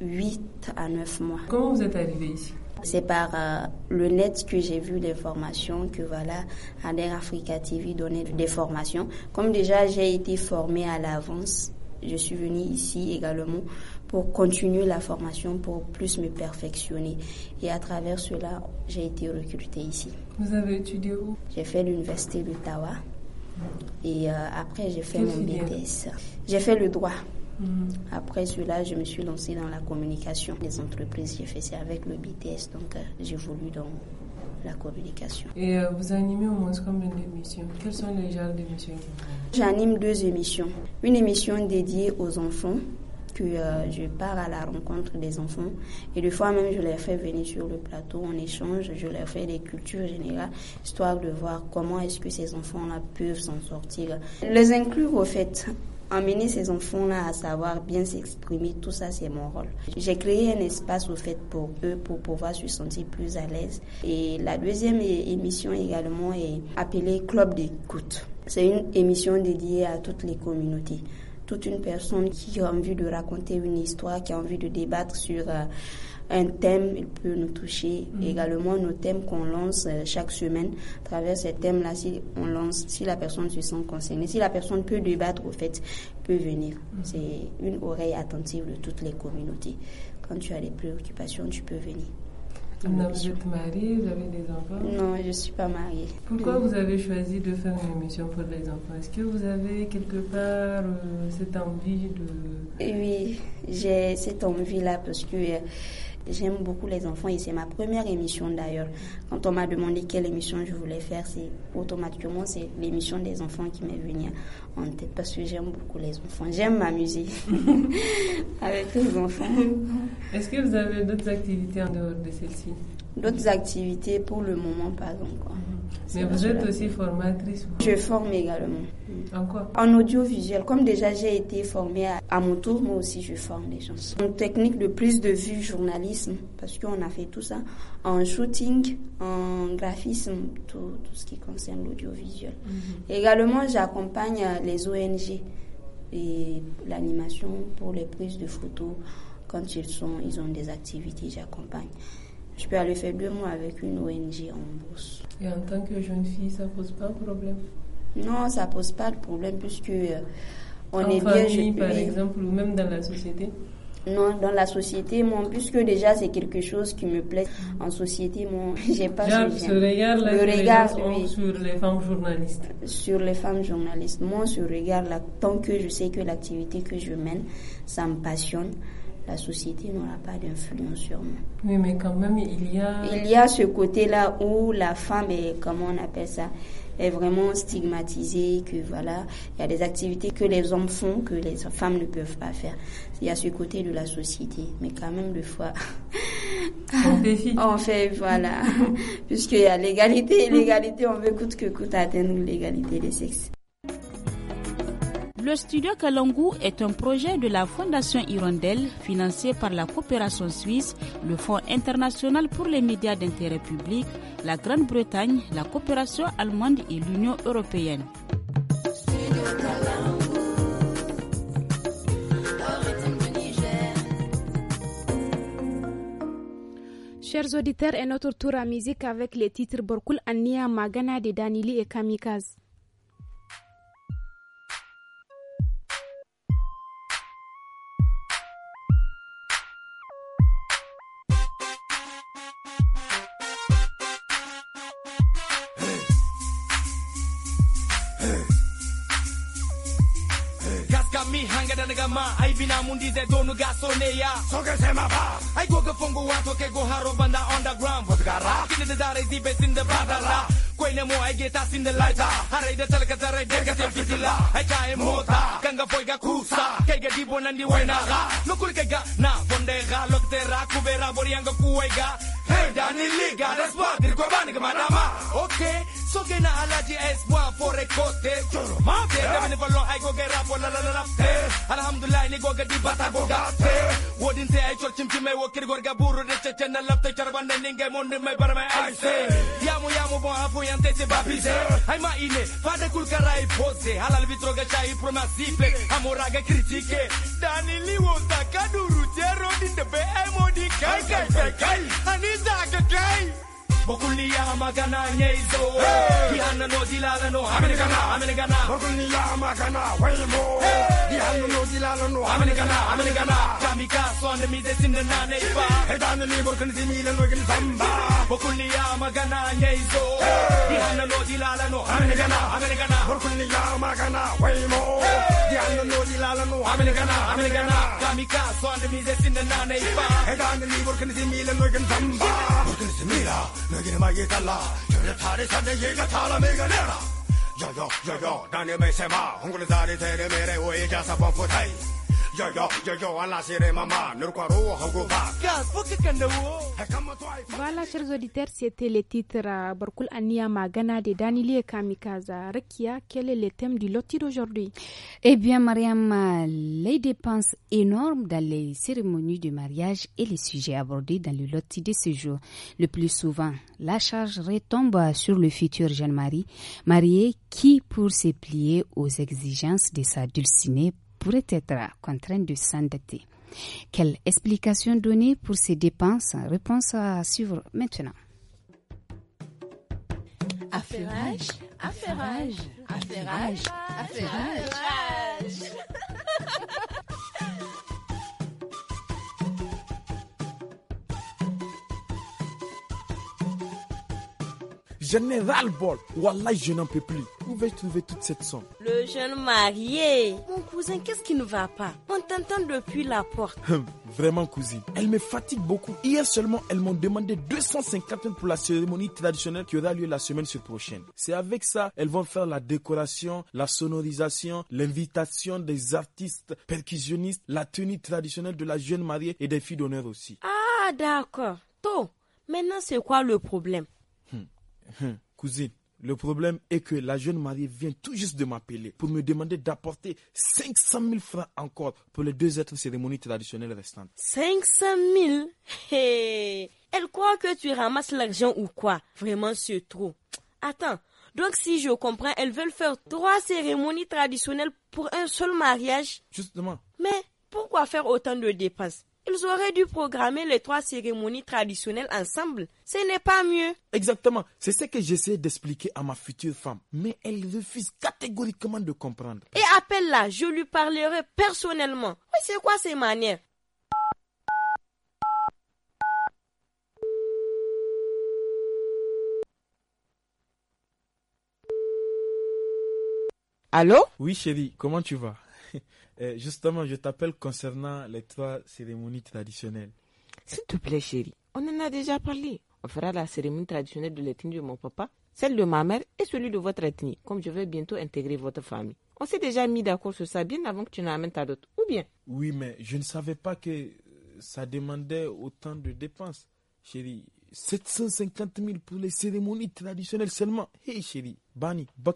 8 euh, à 9 mois. Comment vous êtes arrivé ici c'est par euh, le net que j'ai vu des formations que voilà, Adair Africa TV donnait des formations. Comme déjà j'ai été formée à l'avance, je suis venue ici également pour continuer la formation, pour plus me perfectionner. Et à travers cela, j'ai été recrutée ici. Vous avez étudié où J'ai fait l'université d'Ottawa et euh, après, j'ai fait mon BTS. J'ai fait le droit. Mm. Après cela, je me suis lancée dans la communication Les entreprises. J'ai fait ça avec le BTS, donc j'ai euh, j'évolue dans la communication. Et euh, vous animez au moins combien d'émissions Quels sont les genres d'émissions J'anime deux émissions. Une émission dédiée aux enfants que euh, je pars à la rencontre des enfants. Et des fois même, je les fais venir sur le plateau, en échange, je leur fais des cultures générales, histoire de voir comment est-ce que ces enfants-là peuvent s'en sortir. Les inclure au fait. Amener ces enfants-là à savoir bien s'exprimer, tout ça c'est mon rôle. J'ai créé un espace au fait pour eux pour pouvoir se sentir plus à l'aise. Et la deuxième émission également est appelée Club d'écoute. C'est une émission dédiée à toutes les communautés toute une personne qui a envie de raconter une histoire, qui a envie de débattre sur euh, un thème, il peut nous toucher. Mhm. Également, nos thèmes qu'on lance euh, chaque semaine, à travers ces thèmes-là, si on lance, si la personne se sent concernée, si la personne peut débattre, au fait, peut venir. Mhm. C'est une oreille attentive de toutes les communautés. Quand tu as des préoccupations, tu peux venir vous êtes mariée, vous avez des enfants Non, je ne suis pas mariée. Pourquoi vous avez choisi de faire une émission pour les enfants Est-ce que vous avez quelque part euh, cette envie de... Oui, j'ai cette envie-là parce que... Euh, J'aime beaucoup les enfants et c'est ma première émission d'ailleurs. Quand on m'a demandé quelle émission je voulais faire, c'est automatiquement c'est l'émission des enfants qui m'est venue en tête parce que j'aime beaucoup les enfants. J'aime m'amuser avec les enfants. Est-ce que vous avez d'autres activités en dehors de celle-ci D'autres activités pour le moment pas encore. Mhm. Mais vous êtes aussi formatrice Je forme également. En quoi En audiovisuel. Comme déjà j'ai été formée à, mon tour, moi aussi je forme les gens. En technique de prise de vue, journalisme, parce qu'on a fait tout ça. En shooting, en graphisme, tout, tout ce qui concerne l'audiovisuel. Mhm. Également, j'accompagne euh, les ONG et l'animation pour les prises de photos. Quand ils, sont, ils ont des activités, j'accompagne je peux aller faire deux mois avec une ONG en bourse. Et en tant que jeune fille, ça pose pas de problème Non, ça pose pas de problème puisque euh, on est famille, bien. Famille, par exemple, ou même dans la société. Non, dans la société, moi, puisque déjà c'est quelque chose qui me plaît en société, moi, j'ai pas de ce, regard là le regard sur les femmes journalistes. Sur les femmes journalistes, moi, ce regard là, tant que je sais que l'activité que je mène, ça me passionne, la société n'aura pas d'influence sur moi. Oui, mais quand même, il y a... Il y a ce côté-là où la femme est, comment on appelle ça, est vraiment stigmatisée, que voilà, il y a des activités que les hommes font, que les femmes ne peuvent pas faire. Il y a ce côté de la société, mais quand même, des fois... en fait, fait voilà. Puisqu'il y a l'égalité, l'égalité, on veut coûte que coûte atteindre l'égalité des sexes. Le studio Kalangu est un projet de la Fondation Hirondelle financé par la coopération suisse, le Fonds international pour les médias d'intérêt public, la Grande-Bretagne, la coopération allemande et l'Union européenne. Chers auditeurs, un autre tour à musique avec les titres Borkul Ania Magana de Danili et Kamikaze. ai bina mundi de donu gasoneia so ke se ma ba ai go ke fungu wa to ke go haro banda on the ground but gara kine de dare di bet in the badala koi ne mo ai geta sin the lighta hare de tel ke tare de ke tem pitila ai ka e mota kanga foi ga kusa ke ge di bona ndi wena ga no kul ke ga na bonde ga lok te ra ku vera boriango ku ai ga hey dani liga das bot dir ko ban ke madama okay So gain a allergy as one for a cote. Mafia, never never long I go get up la la la upstairs. Alhamdulillah, ni go gadi bata go gaste. Wouldn't say I church him to me, walk it go gaburu, the church and the love the charavan and mon in my bar my eyes. Yamu yamu bon afu yante se babize. I'm a ine, fada kulkara i pose. Halal vitroga chai promasiple, amoraga critique. Dani liwo takaduru, jero di de be mo di kai kai kai kai. Aniza kai. Bokulia magana nyezo Dihana no zilala no amenigana amenigana Bokulia magana way more Dihana no zilala no amenigana Picasso Enemies in the 985 Edana libor kan zimila no gil zamba Bokulliya magana yeizo Dihanna no dilala no amenigana amenigana Bokulliya magana waymo Dihanna no dilala no amenigana amenigana Kamikaze Enemies in the 985 Edana libor kan zimila no gil zamba Bokulliya zimila no gil magitala Chore thare sade yega thala meganera Yo yo yo yo Dani me sema Hungul zari tere mere oye jasa pafutai Voilà, chers auditeurs, c'était le titre euh, Barkul Ania Magana de Danili Kamikaza. Rekia, quel est le thème du loti d'aujourd'hui Eh bien, Mariam, euh, les dépenses énormes dans les cérémonies de mariage et les sujets abordés dans le loti de ce jour. Le plus souvent, la charge retombe sur le futur jeune mari, marié qui, pour se plier aux exigences de sa dulcinée, pourrait être contrainte de s'endetter. Quelle explication donner pour ces dépenses Réponse à suivre maintenant. Je ai ras le Wallah, je n'en peux plus. Où vais-je trouver toute cette somme Le jeune marié. Mon cousin, qu'est-ce qui ne va pas On t'entend depuis la porte. Hum, vraiment, cousine. Elle me fatigue beaucoup. Hier seulement, elles m'ont demandé 250 pour la cérémonie traditionnelle qui aura lieu la semaine prochaine. C'est avec ça, elles vont faire la décoration, la sonorisation, l'invitation des artistes percussionnistes, la tenue traditionnelle de la jeune mariée et des filles d'honneur aussi. Ah, d'accord. Tôt. Maintenant, c'est quoi le problème Hmm. cousine, le problème est que la jeune mariée vient tout juste de m'appeler pour me demander d'apporter 500 000 francs encore pour les deux autres cérémonies traditionnelles restantes. 500 000 Elle croit que tu ramasses l'argent ou quoi Vraiment, c'est trop. Attends, donc si je comprends, elles veulent faire trois cérémonies traditionnelles pour un seul mariage Justement. Mais pourquoi faire autant de dépenses ils auraient dû programmer les trois cérémonies traditionnelles ensemble. Ce n'est pas mieux. Exactement. C'est ce que j'essaie d'expliquer à ma future femme. Mais elle refuse catégoriquement de comprendre. Et appelle-la. Je lui parlerai personnellement. Mais c'est quoi ces manières Allô Oui chérie, comment tu vas Euh, justement, je t'appelle concernant les trois cérémonies traditionnelles. S'il te plaît, chérie, on en a déjà parlé. On fera la cérémonie traditionnelle de l'ethnie de mon papa, celle de ma mère et celui de votre ethnie, comme je vais bientôt intégrer votre famille. On s'est déjà mis d'accord sur ça bien avant que tu n'amènes ta dot, ou bien Oui, mais je ne savais pas que ça demandait autant de dépenses, chérie. 750 000 pour les cérémonies traditionnelles seulement. Hé, hey, chérie, Bani, nous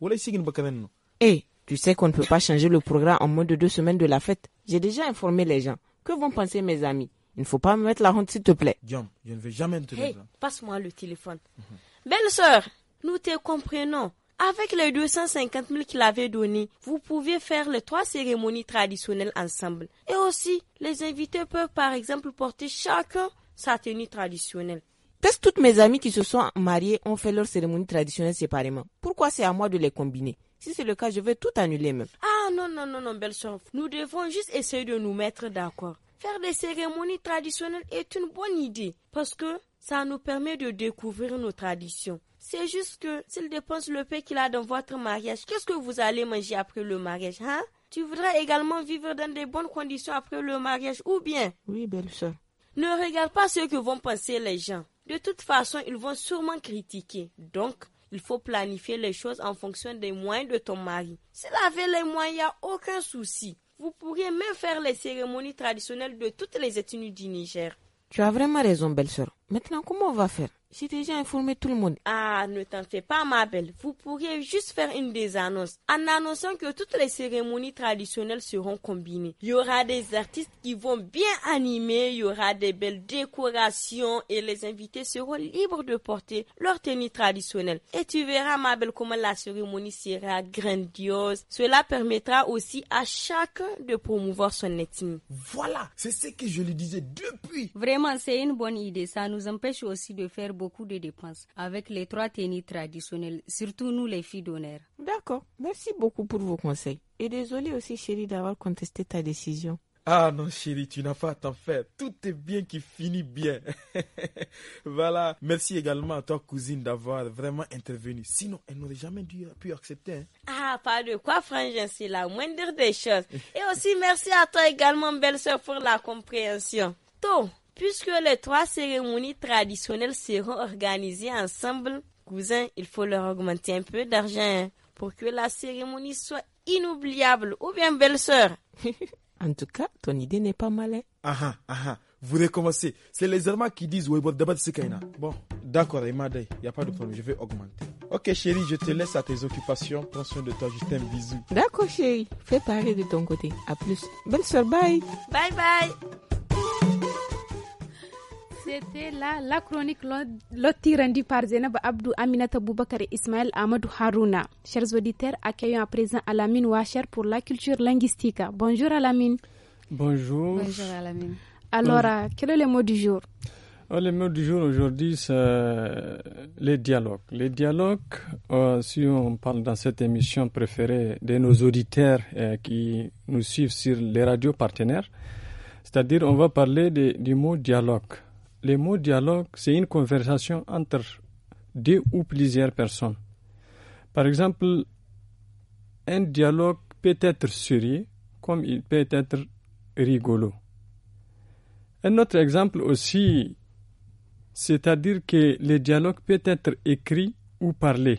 Walaïsé, Bakarano. Hé, eh, tu sais qu'on ne peut pas changer le programme en moins de deux semaines de la fête. J'ai déjà informé les gens. Que vont penser mes amis Il ne faut pas me mettre la honte, s'il te plaît. John, je ne vais jamais te hey, Passe-moi le téléphone. Mhm. Belle sœur, nous te comprenons. Avec les 250 000 qu'il avait donnés, vous pouviez faire les trois cérémonies traditionnelles ensemble. Et aussi, les invités peuvent par exemple porter chacun sa tenue traditionnelle. Presque toutes mes amies qui se sont mariées ont fait leur cérémonie traditionnelle séparément. Pourquoi c'est à moi de les combiner si c'est le cas, je vais tout annuler même. Ah non, non, non, non, belle soeur. Nous devons juste essayer de nous mettre d'accord. Faire des cérémonies traditionnelles est une bonne idée parce que ça nous permet de découvrir nos traditions. C'est juste que s'il dépense le paix qu'il a dans votre mariage, qu'est-ce que vous allez manger après le mariage, hein? Tu voudras également vivre dans de bonnes conditions après le mariage ou bien? Oui, belle soeur. Ne regarde pas ce que vont penser les gens. De toute façon, ils vont sûrement critiquer. Donc, il faut planifier les choses en fonction des moyens de ton mari. S'il avait les moyens, il n'y a aucun souci. Vous pourriez même faire les cérémonies traditionnelles de toutes les ethnies du Niger. Tu as vraiment raison, belle-sœur. Maintenant, comment on va faire J'ai déjà informé tout le monde. Ah, ne t'en fais pas, ma belle. Vous pourriez juste faire une des annonces. En annonçant que toutes les cérémonies traditionnelles seront combinées. Il y aura des artistes qui vont bien animer, il y aura des belles décorations et les invités seront libres de porter leur tenue traditionnelle. Et tu verras, ma belle, comment la cérémonie sera grandiose. Cela permettra aussi à chacun de promouvoir son ethnie. Voilà, c'est ce que je lui disais depuis. Vraiment, c'est une bonne idée. Ça nous empêche aussi de faire beaucoup de dépenses avec les trois tennis traditionnels, surtout nous les filles d'honneur. D'accord, merci beaucoup pour vos conseils. Et désolé aussi chérie d'avoir contesté ta décision. Ah non chérie, tu n'as pas à t'en faire. Tout est bien qui finit bien. voilà. Merci également à toi cousine d'avoir vraiment intervenu. Sinon, elle n'aurait jamais dû, pu accepter. Hein. Ah, pas de quoi, frangin, c'est la moindre des choses. Et aussi merci à toi également, belle-sœur, pour la compréhension. Tout. Puisque les trois cérémonies traditionnelles seront organisées ensemble, cousin, il faut leur augmenter un peu d'argent pour que la cérémonie soit inoubliable. Ou bien belle-sœur. en tout cas, ton idée n'est pas mal. Ah ah, ah. Vous recommencez. C'est les Allemands qui disent oui, bon, Bon, d'accord, Imade, il n'y a pas de problème, je vais augmenter. Ok, chérie, je te laisse à tes occupations. Prends soin de toi, je t'aime, bisous. D'accord, chérie. Fais pareil de ton côté. À plus. Belle sœur bye. Bye bye. C'était la chronique loti rendue par Zenab Abdou Aminata Boubakar et Ismaël Amadou Harouna. Chers auditeurs, accueillons à présent Alamine Wacher pour la culture linguistique. Bonjour Alamine. Bonjour. Bonjour Alamine. Alors, euh, quel est le mot du jour oh, Le mot du jour aujourd'hui, c'est euh, les dialogues. Les dialogues, si on parle dans cette émission préférée de nos auditeurs qui nous suivent sur les radios partenaires, c'est-à-dire on va parler du mot dialogue les mots dialogue, c'est une conversation entre deux ou plusieurs personnes. Par exemple, un dialogue peut être sérieux comme il peut être rigolo. Un autre exemple aussi, c'est-à-dire que le dialogue peut être écrit ou parlé.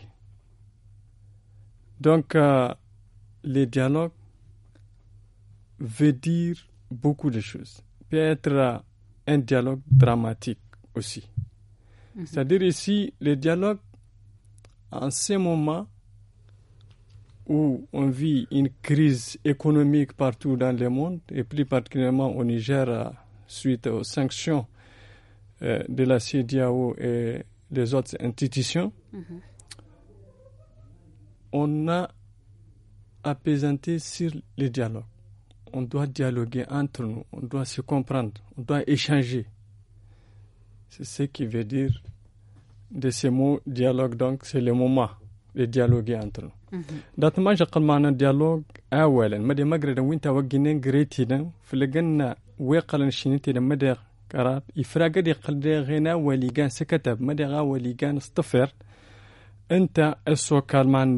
Donc, euh, le dialogue veut dire beaucoup de choses. Peut être euh, un dialogue dramatique aussi. Mhm. C'est-à-dire ici, le dialogue, en ce moment où on vit une crise économique partout dans le monde, et plus particulièrement au Niger, euh, suite aux sanctions euh, de la CDAO et les autres institutions, mhm. on a apaisanté sur le dialogue on doit dialoguer entre nous, on doit se comprendre, on doit échanger. C'est ce qui veut dire de ces mots dialogue, donc c'est le moment de dialoguer entre nous. Datuma je un dialogue awalan ma de magre dan winta wagine gretina flegna we qalan shinite de ma de karat ifraga de qalde gena waligan sekatab ma de ga waligan stafer anta aso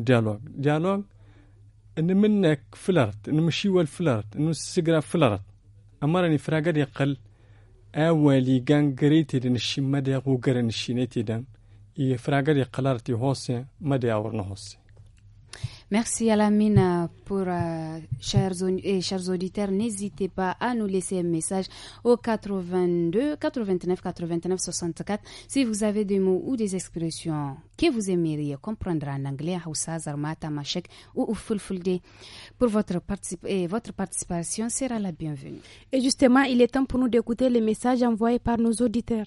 dialogue dialogue ان منك فلرت نمشي والفلرت نسقرا فلرت أما راني فراقر يقل أولي كان قريتي دن الشي مدى غوغر نيتي دان إيه فراقر يقلارتي هوسي مدى أور نهوسي Merci à pour euh, chers, chers auditeurs. N'hésitez pas à nous laisser un message au 82 89 89 64 si vous avez des mots ou des expressions que vous aimeriez comprendre en anglais, Hausa, Zarmata, Machek ou Fulfulde. Pour votre, votre participation sera la bienvenue. Et justement, il est temps pour nous d'écouter les messages envoyés par nos auditeurs.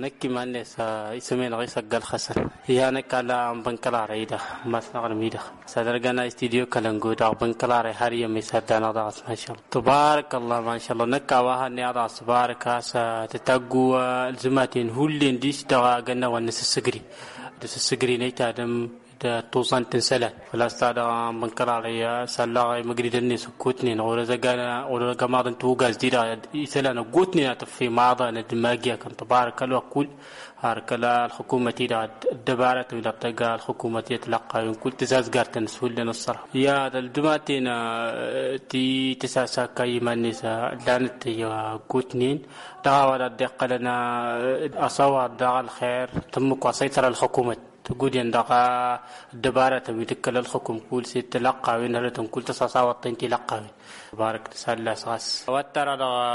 نكي ماني سا اسمين غيسا قال خسن يا نكا لا بنكلار ايدا ما سنغر ميدا سادرغانا استديو كالنقو دا بنكلار هاري مي سادانا دا ما شاء الله تبارك الله ما شاء الله نكا واها ني ادا سا اسا تتقوا الزماتين هولين ديش دا غنا ونسسغري دسسغري نيتا دم توسنتن سلا منكر عليا سلا مغريدني سكوتني ولا زغانا ولا غمارن توغاز ديدا يسلا نقوتني في ماضا ندماجيا كم تبارك الله كل هاركلا الحكومة إلى الدبارة ولا تجا الحكومة يتلقى كل تزاز قارتن سهول لنا يا الدماتين تي تساسا كايما نسا لانت يا كوتنين دعوة الدقة لنا أصوات دعا الخير تم قصيتر الحكومة تقول يندقى الدبارة تبيتكل الخكم كل ست تلقى لقاوين هل تنقل تصاصا وطين تلقى بارك تسال ساس وترى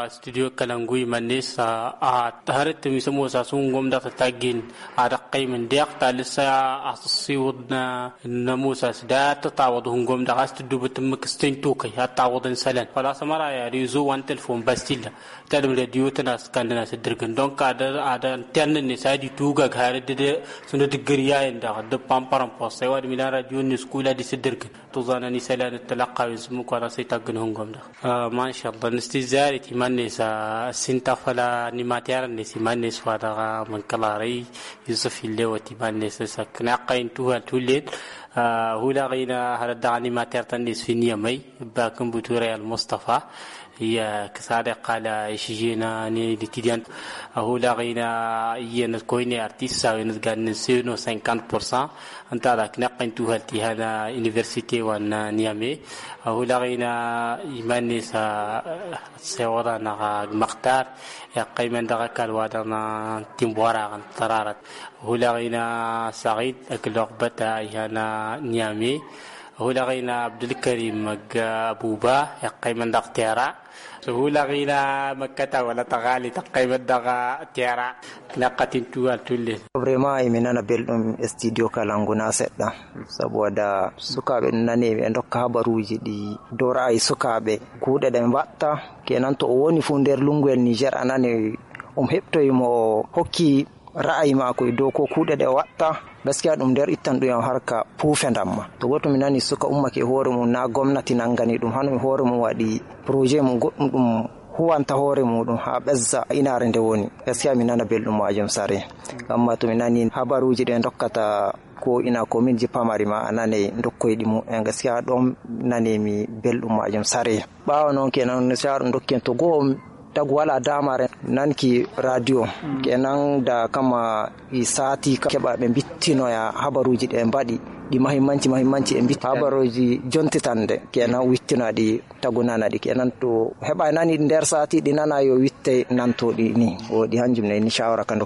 استوديو كلام كلانغوي منيس آه، تهرت ميسمو ساسون قوم دات تاجين على قيم ديق تالسا اصصي ودنا نمو ساس دات تعوضهم قوم دا استوديو ستين توكي هتعوض سلان فلا سمرا يا ريزو وان تلفون باستيلا تدم راديو تناس كاندنا سدركن دونك هذا هذا تنن نسادي توغا غارد سند دغريا جاين دا د پام پرم پو سیواد میلارا جون سکولا دي سدرك تو زانا ني سلان التلقى يسمو كلا سي تاغن هونغم دا آه، ما شاء الله نستي زاري تي من نسا سنتا فلا ني ما ني سي من نس فادا من كلاري يوسف اللي وتي من نس سكنا قين تو توليت آه، هولا غينا هل دعني ما تيار تنس في نيمي باكم بتوري المصطفى هي كسارة قال إشجينا نيتيديان أهو لغينا ين الكويني أرتيسا ونزقان نسينو 50% أنت ذاك نقنتو هالتي هنا يونيفرسيتي وان نيامي أهو غينا إيماني سا سيورا نغا مختار قيمان دغا كالوادنا تنبورا ترارت أهو غينا سعيد أكلوغ بتا هنا نيامي هولا غينا عبد الكريم مك أبو با يقي من دق تيارا هولا غينا مكة ولا تغالي تقي من دق تيارا نقت توال تولي بريما من أنا بيلم استديو كالانغونا سيدا سبودا سكابة ناني من دق هبروجي دي دورا أي سكابة كودة دم باتا كي نانتو أوني فوندر لونغو نيجر أنا um يمو هوكي ra'ayi mako e dow ko kuɗe ɗe watta gaskiya ɗum nder ittan ɗum yam harka puufe ndamma to goto mi nani suka ummake e hoore mum na gomnati nanngani ɗum hano e hoore mum waɗi projet mum goɗɗum ɗum huwanta hoore muɗum ha ɓezza inare nde woni gaskiya mi nana belɗum majum sare amma to mi nani habaruji ɗe dokkata ko ina kominji pamari ma a nane dokkoyɗi mum en gaskiya ɗon nanemi belɗum majum sare ɓawa noon kenan sa ɗum dokki en to goo ta damare nanki nan radio kenan da kama sati keɓa ɓe bittinoya habaruji ɗe mbaɗi ɗi mahimmanci mahimmanci e bitti habaruji jontitande kenan wittinaɗi tagu nanaɗi kenan to heɓa nani nder sati ɗi nana yo witte nantoɗi ni o ɗi hanjum ne ni shawara kando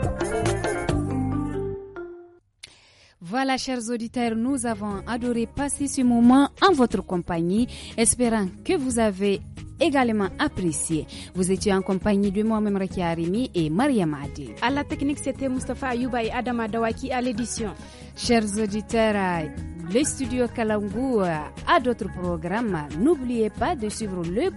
Voilà, chers auditeurs, nous avons adoré passer ce moment en votre compagnie, espérant que vous avez également apprécié. Vous étiez en compagnie de moi-même Raki et Maria Mahdi. À la technique, c'était Mustafa Ayouba et Adama Dawaki à l'édition. Chers auditeurs, le studio Kalangu a euh, d'autres programmes. N'oubliez pas de suivre le,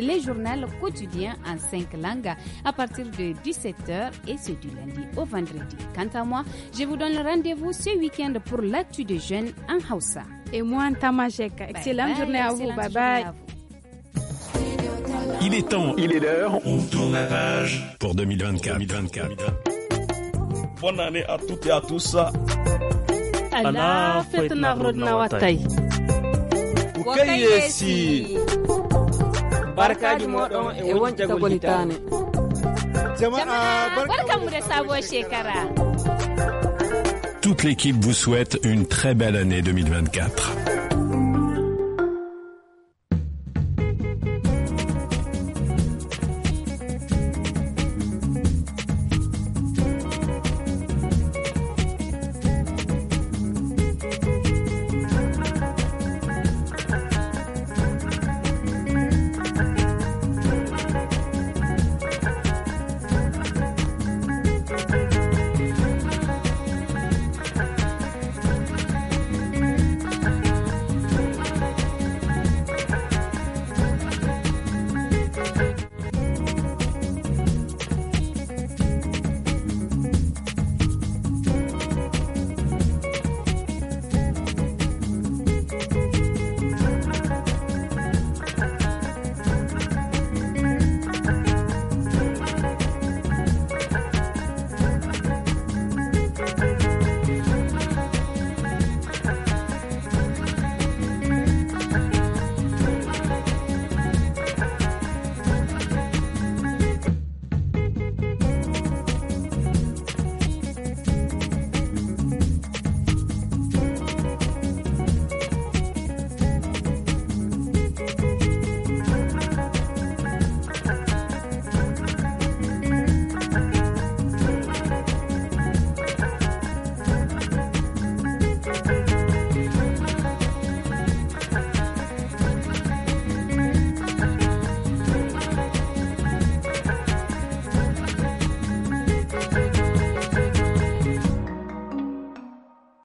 les journaux quotidiens en cinq langues à partir de 17h et ce du lundi au vendredi. Quant à moi, je vous donne rendez-vous ce week-end pour l'actu des jeunes en Hausa. Et moi en Tamajek. Excellente journée à vous. Bye bye. Il est temps, il est l'heure. On tourne la page pour 2024. Bonne année à toutes et à tous. Ah, ah, Toute l'équipe vous souhaite une très belle année 2024.